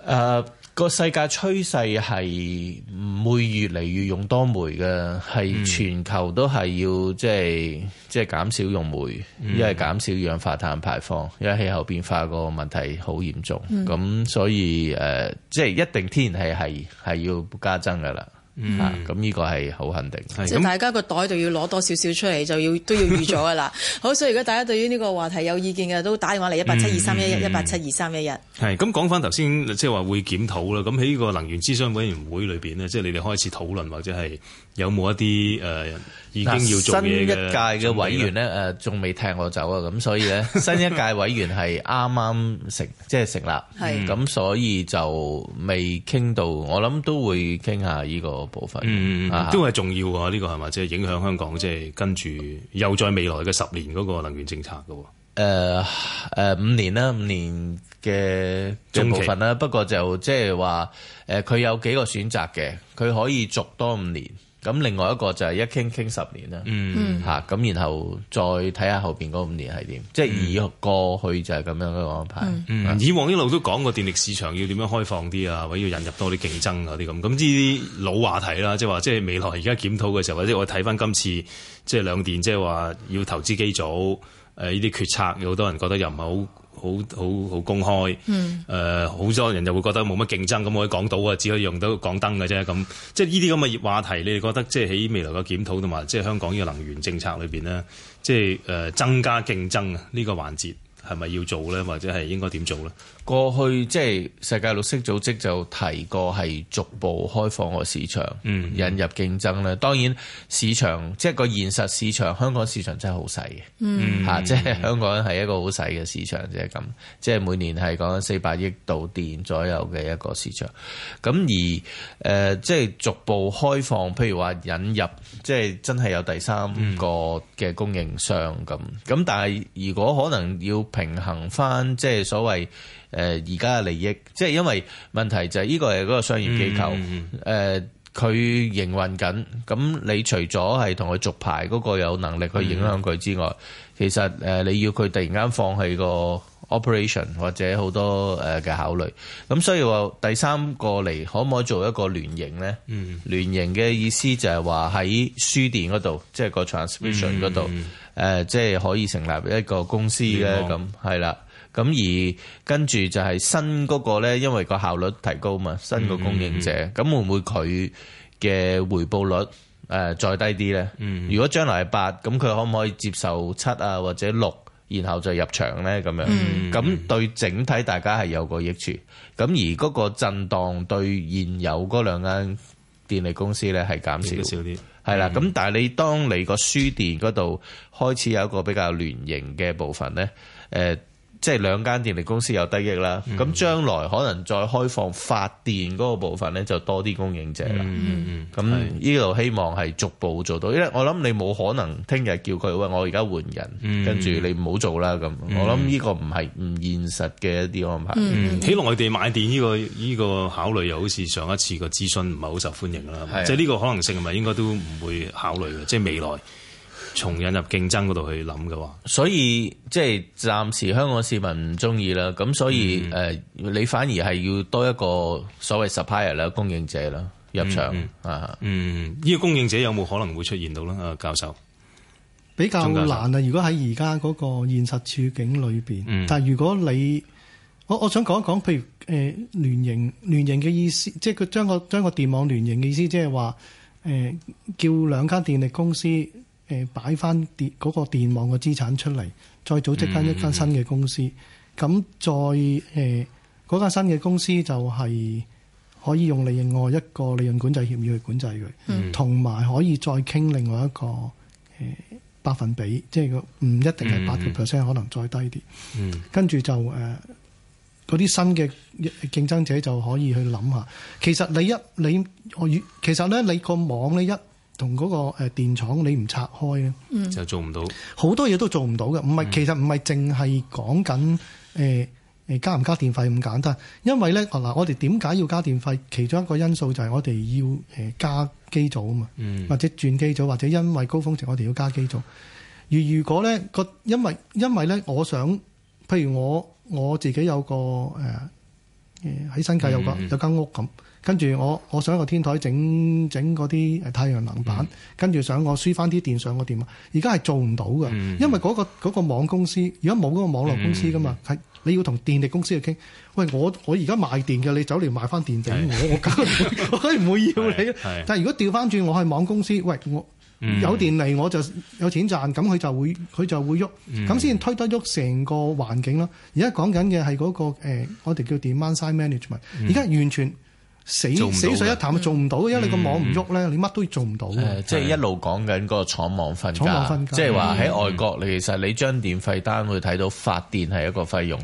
誒。個世界趨勢係唔會越嚟越用多煤嘅，係全球都係要即係即係減少用煤，因為減少氧化碳排放，因為氣候變化個問題好嚴重。咁、嗯、所以誒、呃，即係一定天然氣係係要加增噶啦。嗯，咁呢個係好肯定。即係大家個袋度要攞多少少出嚟，就要都要預咗噶啦。 好，所以如果大家對於呢個話題有意見嘅，都打電話嚟一八七二三一一一八七二三一一。係、嗯，咁講翻頭先，即係話會檢討啦。咁喺呢個能源諮詢委員會裏邊呢，即係你哋開始討論或者係。有冇一啲誒、呃、已經要做新一屆嘅委員咧？誒仲未踢我走啊，咁所以咧 新一屆委員係啱啱成即係、就是、成立，係咁、 嗯，所以就未傾到。我諗都會傾下呢個部分，嗯、啊、都係重要啊。呢、呢個係咪即係影響香港，即、就、係、是、跟住又再未來嘅十年嗰個能源政策嘅喎、啊。誒五、呃呃、年啦，五年嘅嘅中期部分啦，不過就即係話誒，佢、呃、有幾個選擇嘅，佢可以續多五年。咁另外一個就係一傾傾十年啦，嚇咁、嗯、然後再睇下後邊嗰五年係點，即係以過去就係咁樣嘅安排。嗯嗯、以往一路都講過電力市場要點樣開放啲啊，或者要引入多啲競爭嗰啲咁，咁呢啲老話題啦，即係話即係未來而家檢討嘅時候，或者我睇翻今次即係兩電即係話要投資機組，誒呢啲決策有好多人覺得又唔係好。好好好公開，誒、mm. 呃，好多人就會覺得冇乜競爭，咁可以講到啊，只可以用到港燈嘅啫，咁即係呢啲咁嘅話題，你哋覺得即係喺未來嘅檢討同埋即係香港呢個能源政策裏邊咧，即係誒增加競爭啊呢個環節。係咪要做呢？或者係應該點做呢？過去即係、就是、世界綠色組織就提過係逐步開放個市場，mm hmm. 引入競爭咧。當然市場即係個現實市場，香港市場真係好細嘅，吓即係香港係一個好細嘅市場，即係咁。即、就、係、是、每年係講緊四百億度電左右嘅一個市場。咁而誒，即、呃、係、就是、逐步開放，譬如話引入。即係真係有第三個嘅供應商咁，咁、嗯、但係如果可能要平衡翻，即係所謂誒而家嘅利益，即係因為問題就係呢個係嗰個商業機構，誒佢、嗯呃、營運緊，咁你除咗係同佢續牌嗰個有能力去影響佢之外，嗯、其實誒你要佢突然間放棄、嗰個。Operation 或者好多誒嘅考慮，咁所以話第三個嚟，可唔可以做一個聯營咧？聯營嘅意思就係話喺輸電、嗰度，即、就、係、是、個 transmission 嗰度，誒、嗯，即係、呃就是、可以成立一個公司咧。咁係啦，咁、嗯、而跟住就係新嗰個咧，因為個效率提高嘛，新個供應者，咁、嗯、會唔會佢嘅回報率誒、呃、再低啲咧？嗯、如果將來係八，咁佢可唔可以接受七啊，或者六？然後再入場呢，咁樣，咁、嗯、對整體大家係有個益處，咁而嗰個震盪對現有嗰兩間電力公司呢係減少少啲，係啦。咁但係你當你個輸電嗰度開始有一個比較聯營嘅部分呢，誒、呃。即係兩間電力公司有得益啦。咁將、嗯、來可能再開放發電嗰個部分咧，就多啲供應者啦。咁呢度希望係逐步做到，因為我諗你冇可能聽日叫佢喂，我而家換人，跟住、嗯、你唔好做啦。咁、嗯、我諗呢個唔係唔現實嘅一啲安排。喺內地買電呢個呢個考慮，又好似上一次個諮詢唔係好受歡迎啦。即係呢個可能性，係咪應該都唔會考慮嘅。即係未來。從引入競爭嗰度去諗嘅話，所以即係暫時香港市民唔中意啦。咁所以誒、嗯呃，你反而係要多一個所謂 supplier 啦，供應者啦入場啊、嗯。嗯，呢、啊嗯這個供應者有冇可能會出現到咧？啊，教授比較難啊。如果喺而家嗰個現實處境裏邊，嗯、但係如果你我我想講一講，譬如誒、呃、聯營聯營嘅意思，即係佢將個將個電網聯營嘅意思，即係話誒叫兩間電力公司。誒擺翻電嗰、嗰個電網嘅資產出嚟，再組織翻一間新嘅公司，咁、mm hmm. 再誒嗰、呃、間新嘅公司就係可以用嚟另外一個利潤管制協議去管制佢，同埋、mm hmm. 可以再傾另外一個誒、呃、百分比，即係個唔一定係八個 percent，可能再低啲。Mm hmm. 跟住就誒嗰啲新嘅競爭者就可以去諗下，其實你一你我其實咧你個網咧一。同嗰個誒電廠，你唔拆開咧，就做唔到。好多嘢都做唔到嘅，唔係、嗯、其實唔係淨係講緊誒誒加唔加電費咁簡單，因為咧，嗱、啊、我哋點解要加電費？其中一個因素就係我哋要誒加機組啊嘛，嗯、或者轉機組，或者因為高峰值，我哋要加機組。而如果咧個因為因為咧，我想，譬如我我自己有個誒誒喺新界有個、嗯、有間屋咁。跟住我，我想個天台整整嗰啲誒太陽能板，嗯、跟住想我輸翻啲電上個電話。而家係做唔到嘅，嗯、因為嗰、嗰個嗰、嗰個、網公司而家冇嗰個網絡公司噶嘛，係、嗯、你要同電力公司去傾。喂，我我而家賣電嘅，你走嚟賣翻電俾是我，我梗係唔會要你。但係如果調翻轉，我係網公司，喂，我、嗯、有電嚟我就有錢賺，咁佢就會佢就會喐，咁先、嗯、推得喐成個環境咯。而家講緊嘅係嗰個、呃、我哋叫 demand side management，而家完全。死死水一潭做唔到，因為你個網唔喐咧，你乜都做唔到嘅。即係一路講緊嗰個廠網分，廠網分，即係話喺外國，你其實你將電費單會睇到發電係一個費用，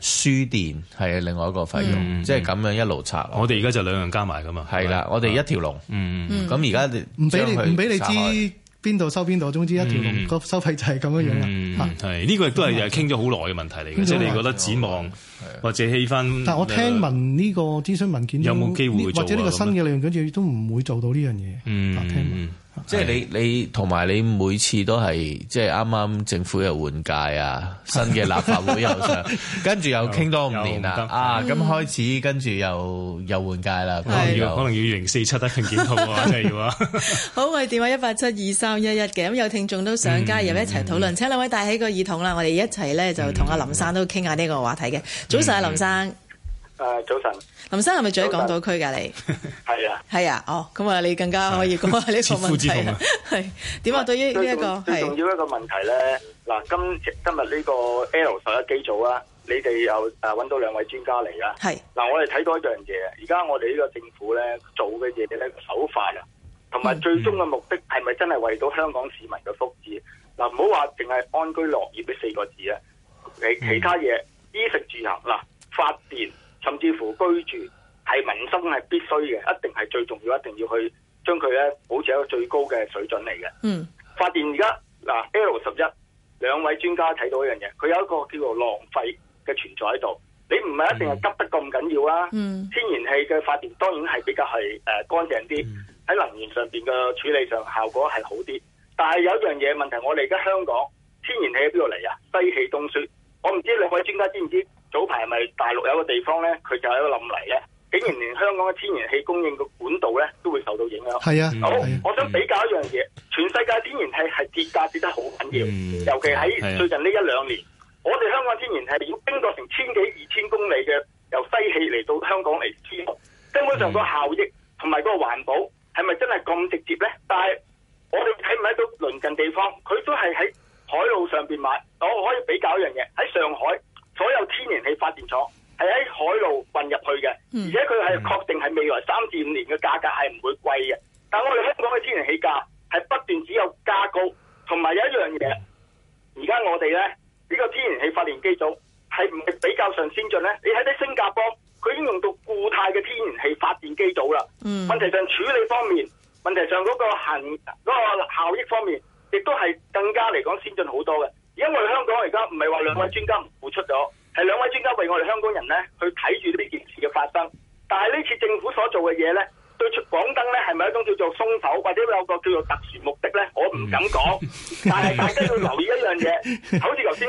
輸電係另外一個費用，即係咁樣一路拆。我哋而家就兩樣加埋噶嘛。係啦，我哋一條龍。嗯，咁而家唔俾你唔俾你知。邊度收邊度，總之一條龍個收費就係咁樣樣啦。係呢個亦都係又係傾咗好耐嘅問題嚟嘅，即係、嗯、你覺得展望、嗯、或者氣氛。嗯、但係我聽聞呢個諮詢文件有冇機會,會做、啊，或者呢個新嘅兩樣嘢都唔會做到呢樣嘢。嗯。聽聞即係你你同埋你每次都係即係啱啱政府又換屆啊，新嘅立法會又上，跟住又傾多五年啦啊，咁開始跟住又、嗯、跟又換屆啦，可能可能要贏四七得更健康啊，真係 要啊！ 好，我哋電話一八七二三一一嘅，咁有聽眾都上街入一齊討論，嗯嗯、請兩位戴起個耳筒啦，我哋一齊咧就同阿林生都傾下呢個話題嘅。嗯嗯、早晨，阿林生。誒上，早晨上。早林生係咪住喺港島區㗎？你係 啊，係啊，哦，咁啊，你更加可以講下呢個問題係點 啊？對於呢、這、一個最重要一個問題咧，嗱是，今今日呢個 L 十一機組啊，你哋又誒揾到兩位專家嚟啊。係嗱是，我哋睇到一樣嘢，而家我哋呢個政府咧做嘅嘢嘅手法啊，同埋最終嘅目的係咪真係為到香港市民嘅福祉？嗱，唔好話淨係安居樂業呢四個字啊，其其他嘢衣食住行嗱、啊，發電。甚至乎居住係民生係必須嘅，一定係最重要，一定要去將佢咧保持一個最高嘅水準嚟嘅。嗯，mm. 發電而家嗱 L 十一兩位專家睇到一樣嘢，佢有一個叫做浪費嘅存在喺度。你唔係一定係急得咁緊要啊。嗯，mm. 天然氣嘅發電當然係比較係誒乾淨啲，喺、mm. 能源上邊嘅處理上效果係好啲。但係有一樣嘢問題我，我哋而家香港天然氣喺邊度嚟啊？西氣東輸，我唔知兩位專家知唔知？早排咪大陸有個地方咧，佢就係一個冧泥咧，竟然連香港嘅天然氣供應嘅管道咧都會受到影響。係啊，好，我想比較一樣嘢，嗯、全世界天然氣係跌價跌得好緊要，嗯、尤其喺最近呢一兩年，啊、我哋香港天然氣要經過成千幾二千公里嘅由西氣嚟到香港嚟輸，根本上個效益同埋個環保係咪真係咁直接咧？但係我哋睇唔睇到鄰近地方，佢都係喺海路上面買。我可以比較一樣嘢喺上海。所有天然氣發電廠係喺海路運入去嘅，而且佢係確定係未來三至五年嘅價格係唔會貴嘅。但係我哋香港嘅天然氣價係不斷只有加高，同埋有一樣嘢，而家我哋咧呢、呢個天然氣發電機組係唔係比較上先進呢？你睇啲新加坡，佢已經用到固態嘅天然氣發電機組啦。問題上處理方面，問題上嗰個恆嗰、嗰個效益方面，亦都係更加嚟講先進好多嘅。因為香港而家唔係話兩位專家唔付出咗，係兩位專家為我哋香港人咧去睇住呢件事嘅發生。但係呢次政府所做嘅嘢咧，對出港燈咧係咪一種叫做鬆手，或者有個叫做特殊目的咧？我唔敢講。但係大家要留意一樣嘢， 好似頭先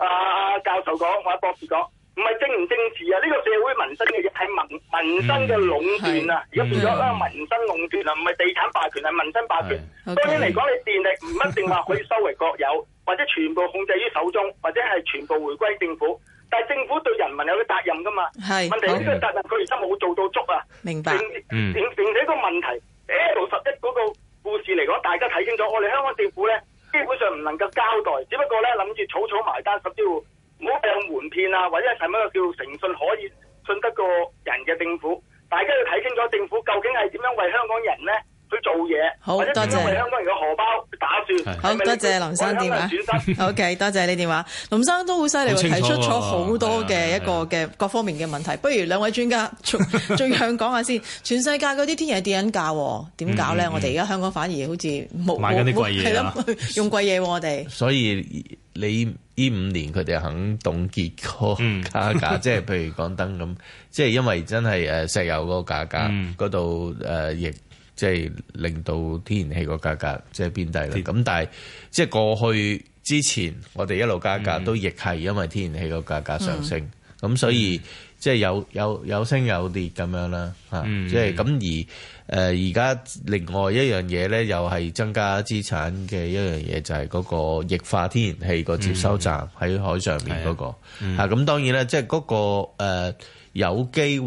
阿阿教授講，或者博士講，唔係政唔政治啊？呢個社會民生嘅嘢係民民生嘅壟斷啊！而家變咗啦，民生壟斷啊，唔係地產霸權，係民生霸權。當然嚟講，你電力唔一定話可以收為國有。或者全部控制於手中，或者係全部回歸政府，但係政府對人民有啲責任㗎嘛？係是，問題呢個責任佢而家冇做到足啊！明白，嗯領，成成成，起一個問題，L 十一嗰個故事嚟講，大家睇清楚，我哋香港政府咧基本上唔能夠交代，只不過咧諗住草草埋單，甚至乎唔好有門騙啊，或者係乜嘢叫誠信可以信得過人嘅政府？大家要睇清楚政府究竟係點樣為香港人咧？佢做嘢，或者用香港人嘅荷包打轉。好多謝林生電話。好嘅，多謝你電話。林生都好犀利，提出咗好多嘅一個嘅各方面嘅問題。不如兩位專家，最最想講下先，全世界嗰啲天然氣跌緊價，點搞咧？我哋而家香港反而好似冇買緊啲貴嘢啦，用貴嘢我哋。所以你呢五年佢哋肯凍結個價格，即係譬如講燈咁，即係因為真係誒石油嗰個價格嗰度誒亦。即係令到天然氣個價格即係變低啦。咁天但係即係過去之前，我哋一路加價、嗯、都亦係因為天然氣個價格上升。咁、嗯、所以。嗯即係有有有升有跌咁樣啦，嚇、嗯啊！即係咁而誒而家另外一樣嘢咧，又係增加資產嘅一樣嘢，就係、係、嗰個液化天然氣個接收站喺海上面嗰、嗰個嚇。咁當然啦，即係嗰、嗰個、呃、有機會誒，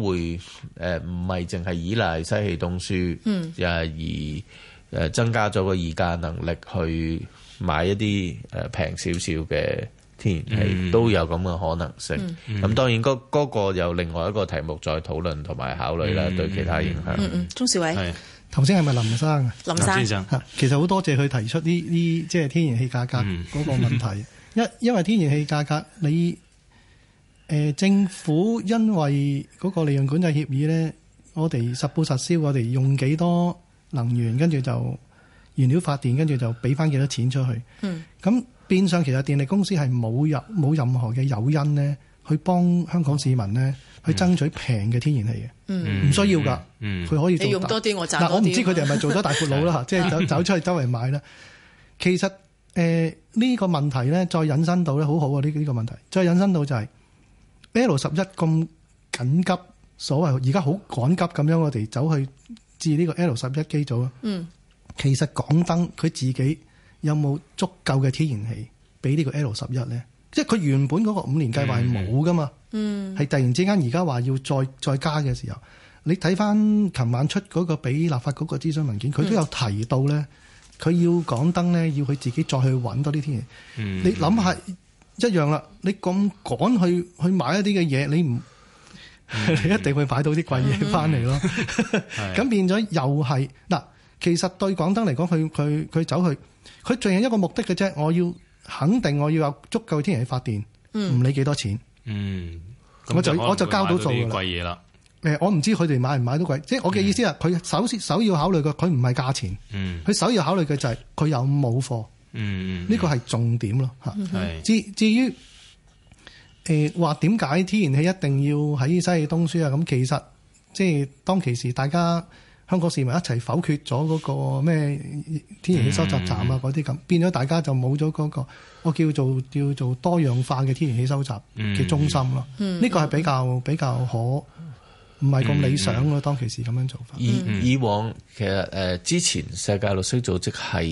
唔係淨係依賴西氣東輸，嗯，又而誒增加咗個議價能力去買一啲誒平少少嘅。天然氣都有咁嘅可能性，咁、嗯嗯、當然嗰嗰個有另外一個題目再討論同埋考慮啦，嗯嗯、對其他影響。鍾兆偉，頭先係咪林生啊？是是是林先生，先生其實好多謝佢提出呢呢，即、就、係、是、天然氣價格嗰個問題。一、嗯、 因為天然氣價格，你誒、呃，政府因為嗰個利潤管制協議咧，我哋實報實銷，我哋用幾多能源，跟住就原料發電，跟住就俾翻幾多錢出去。嗯，咁。變相其實電力公司係冇任冇任何嘅誘因咧，去幫香港市民咧去爭取平嘅天然氣嘅，唔、嗯、需要噶，佢、嗯、可以做。嗱，我唔知佢哋係咪做咗大闊佬啦吓，即係走走出去周圍買啦。其實誒呢個問題咧，再引申到咧，好好啊！呢呢個問題再引申到，、這個、引申到就係、是、L 十一咁緊急，所謂而家好趕急咁樣，我哋走去治呢個 L 十一機組啊。嗯，其實港燈佢自己。有冇足夠嘅天然氣俾呢個 L 十一咧？即係佢原本嗰個五年計劃係冇噶嘛？嗯、mm，係、hmm. 突然之間而家話要再再加嘅時候，你睇翻琴晚出嗰個俾立法局個諮詢文件，佢都有提到咧，佢要港燈咧，要佢自己再去揾多啲天然氣、mm hmm. 你想想。你諗下一樣啦，你咁趕去去買一啲嘅嘢，你唔、mm hmm. 你一定會買到啲貴嘢翻嚟咯。咁、mm hmm. 的 變咗又係嗱。其實對港燈嚟講，佢佢佢走去，佢仲有一個目的嘅啫。我要肯定，我要有足夠嘅天然氣發電，唔理幾多錢，嗯。嗯，我就我就交到數嘅啦。誒、嗯嗯，我唔知佢哋買唔買到貴，嗯、即係我嘅意思係佢首首要考慮嘅，佢唔係價錢。嗯，佢首要考慮嘅就係佢有冇貨。嗯，呢個係重點咯。嚇，係。至至於誒話點解天然氣一定要喺西氣東輸啊？咁其實即係當其時大家。香港市民一齊否決咗嗰個咩天然氣收集站啊，嗰啲咁，變咗大家就冇咗嗰個我叫做叫做多樣化嘅天然氣收集嘅中心咯。呢、嗯嗯、個係比較比較可唔係咁理想咯。嗯、當其時咁樣做法。以以往其實誒、呃、之前世界綠色組織係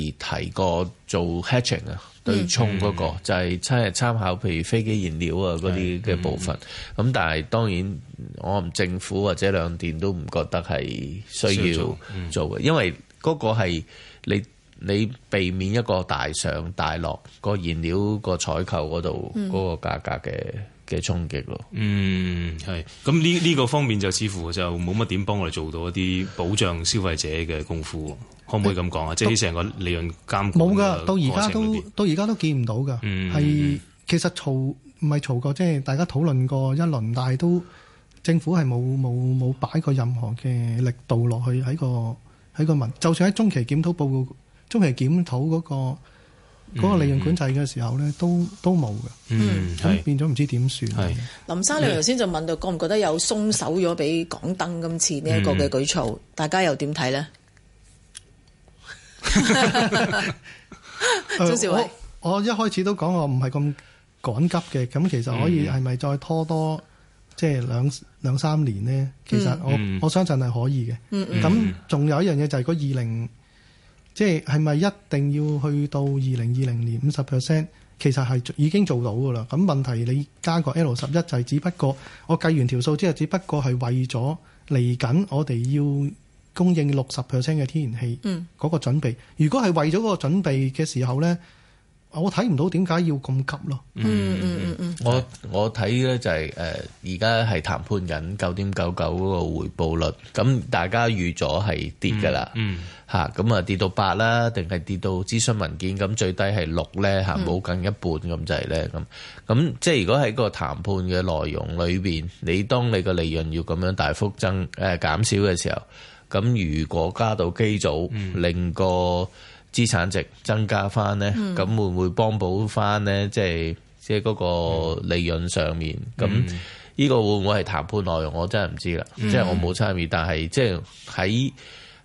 提過做 hedging 啊。對沖嗰個就係真係參考，譬如飛機燃料啊嗰啲嘅部分。咁、嗯、但係當然，我唔政府或者兩電都唔覺得係需要做嘅，做嗯、因為嗰個係你你避免一個大上大落，嗰個燃料個採購嗰度嗰個價格嘅嘅衝擊咯。嗯，係。咁呢呢個方面就似乎就冇乜點幫我哋做到一啲保障消費者嘅功夫。可唔可以咁講啊？即係成個利潤監管冇噶，到而家都到而家都見唔到噶。係，其實嘈唔係嘈過，即係大家討論過一輪，但係都政府係冇冇冇擺過任何嘅力度落去喺個喺個文。就算喺中期檢討報告、中期檢討嗰個嗰個利潤管制嘅時候咧，都都冇嘅。嗯，咁變咗唔知點算。係，林生，你頭先就問到覺唔覺得有鬆手咗俾港燈咁似呢一個嘅舉措，大家又點睇咧？ 嗯、我，我一開始都講，我唔係咁趕急嘅，咁其實可以係咪再拖多即係兩兩三年呢？其實我、嗯、我相信係可以嘅。咁仲、嗯、有一樣嘢就係，如果二零即係係咪一定要去到二零二零年五十 percent？其實係已經做到噶啦。咁問題你加個 L 十一，就係只不過我計完條數之後，只不過係為咗嚟緊我哋要。供應六十 percent 嘅天然氣，嗰、嗯、個準備，如果係為咗嗰個準備嘅時候咧，我睇唔到點解要咁急咯。嗯嗯嗯嗯，嗯我我睇咧就係、是、誒，而家係談判緊九點九九嗰個回報率，咁大家預咗係跌噶啦、嗯。嗯，嚇咁啊跌到八啦，定係跌到諮詢文件咁最低係六咧嚇，冇近一半咁滯咧咁。咁即係如果喺個談判嘅內容裏邊，你當你個利潤要咁樣大幅增誒、呃、減少嘅時候。咁如果加到機組，嗯、令個資產值增加翻呢，咁、嗯、會唔會幫補翻呢？即係即係嗰個利潤上面，咁呢、嗯這個會唔會係談判內容？我真係唔知啦，即係、嗯、我冇參與，但係即係喺，就是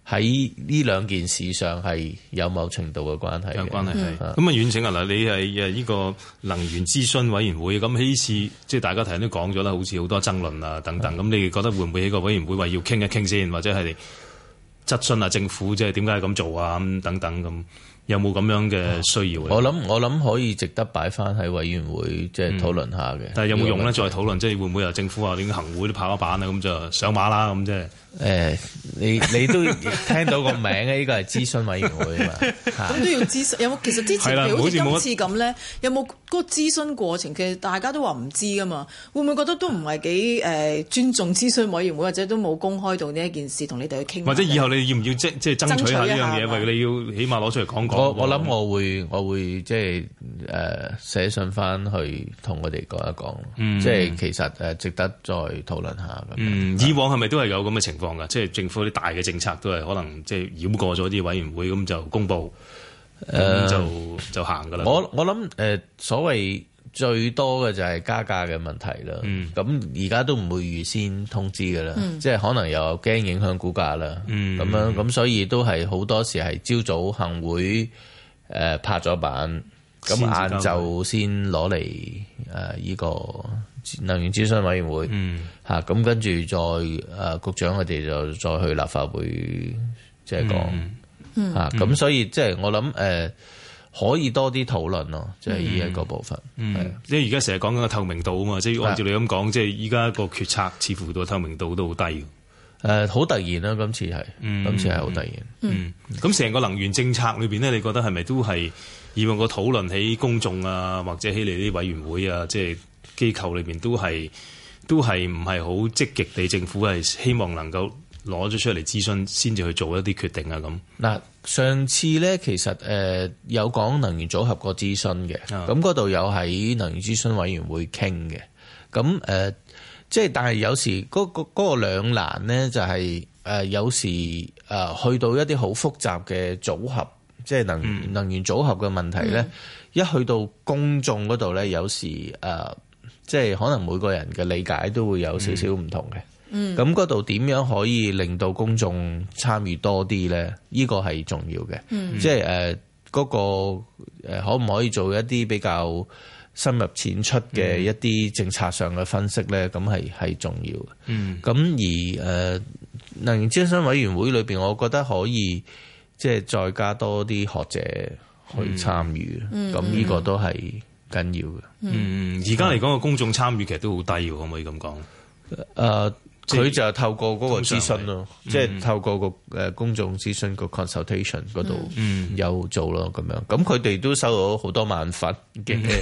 喺呢兩件事上係有某程度嘅關係，有關係係。咁啊是，嗯、遠騁啊嗱，你係誒呢個能源諮詢委員會，咁呢次即係大家頭先都講咗啦，好似好多爭論啊等等。咁是你覺得會唔會喺個委員會話要傾一傾先，或者係質詢啊政府，即係點解咁做啊咁等等咁，有冇咁樣嘅需要？嗯、我諗我諗可以值得擺翻喺委員會即係討論下嘅、嗯。但係有冇用咧？再討論即係會唔會由政府啊點行會都拍一板啊咁就上馬啦咁即係。誒，你你都聽到個名呢，依 個係諮詢委員會嘛？咁都 要諮詢有冇？其實之前好似今次咁咧， 有冇個諮詢過程？其實大家都話唔知㗎嘛，會唔會覺得都唔係幾誒尊重諮詢委員會，或者都冇公開到呢一件事，同你哋去傾？或者以後你要唔要即即爭取下呢樣嘢？喂，你要起碼攞出嚟講講。我諗我,我會我會即係誒寫信翻去同我哋講一講。嗯，即係其實誒值得再討論下咁。以往係咪都係有咁嘅情況？即係政府啲大嘅政策都係可能即係繞過咗啲委員會咁就公布，咁、呃、就就行噶啦。我我諗誒，所謂最多嘅就係加價嘅問題啦。咁而家都唔會預先通知噶啦，嗯、即係可能又驚影響股價啦。咁樣咁所以都係好多時係朝早行會誒、呃、拍咗板，咁晏晝先攞嚟誒呢個。能源諮詢委員會吓，咁跟住再誒、啊、局長，我哋就再去立法會即係、就是、講吓，咁、嗯嗯啊、所以即係、就是、我諗誒、呃、可以多啲討論咯，即係呢一個部分。嗯，即係而家成日講緊個透明度啊嘛，即係按照你咁講，即係依家個決策似乎個透明度都好低嘅。誒，好突然啦，今次係，今次係好突然。嗯，咁成、嗯嗯、個能源政策裏邊咧，你覺得係咪都係要用個討論喺公眾啊，或者喺你啲委員會啊，即係？即機構裏面都係都係唔係好積極地，政府係希望能夠攞咗出嚟諮詢，先至去做一啲決定啊咁。嗱，上次呢，其實誒、呃、有講能源組合個諮詢嘅，咁嗰度有喺能源諮詢委員會傾嘅。咁誒，即、呃、係但係有時嗰、那個嗰、那個兩難呢，就係、是、誒、呃、有時誒、呃、去到一啲好複雜嘅組合，即、就、係、是、能源、嗯、能源組合嘅問題呢。嗯、一去到公眾嗰度呢，有時誒。呃即係可能每個人嘅理解都會有少少唔同嘅，咁嗰度點樣可以令到公眾參與多啲呢？呢個係重要嘅，嗯、即係誒，嗰、呃嗰個誒、呃、可唔可以做一啲比較深入淺出嘅一啲政策上嘅分析呢？咁係係重要嘅。咁、嗯、而誒、呃、能源諮詢委員會裏邊，我覺得可以即係再加多啲學者去參與，咁呢、嗯嗯嗯、個都係。緊要嘅，嗯，而家嚟講個公眾參與，其實都好低嘅，可唔可以咁講？誒。呃佢就係透過嗰個諮詢咯，即係透過個誒公眾諮詢個 consultation 嗰度有做咯咁、嗯、樣。咁佢哋都收到好多萬份嘅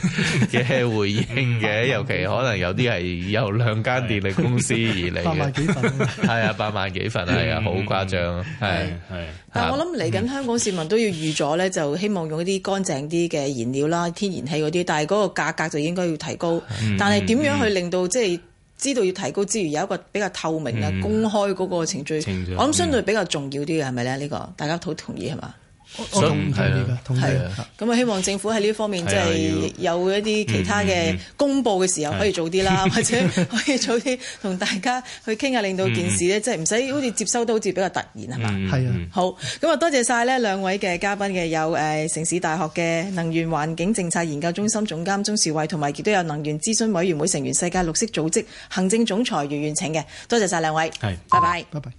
嘅回應嘅， 尤其可能有啲係由兩間電力公司而嚟嘅， 百萬幾份，係 啊，百萬幾份係啊，八萬幾份係啊，好誇張。係係。但我諗嚟緊香港市民都要預咗咧，就希望用一啲乾淨啲嘅燃料啦，天然氣嗰啲，但係嗰個價格就應該要提高。但係點樣去令到即係？嗯嗯知道要提高之餘，有一個比較透明啊、嗯、公開嗰個程序，程序我諗相對比較重要啲嘅，係咪咧？呢、呢個大家都唔同意係嘛？是吧？我同意噶，同意啊！咁啊，希望政府喺呢方面即係有一啲其他嘅公布嘅時候，可以早啲啦，或者可以早啲同大家去傾下令到件事咧，即係唔使好似接收都好似比較突然係嘛？係啊！好，咁啊，多謝晒呢兩位嘅嘉賓嘅，有誒城市大學嘅能源環境政策研究中心總監鍾兆偉，同埋亦都有能源諮詢委員會成員世界綠色組織行政總裁余遠騁嘅，多謝晒兩位，係，拜拜，拜拜。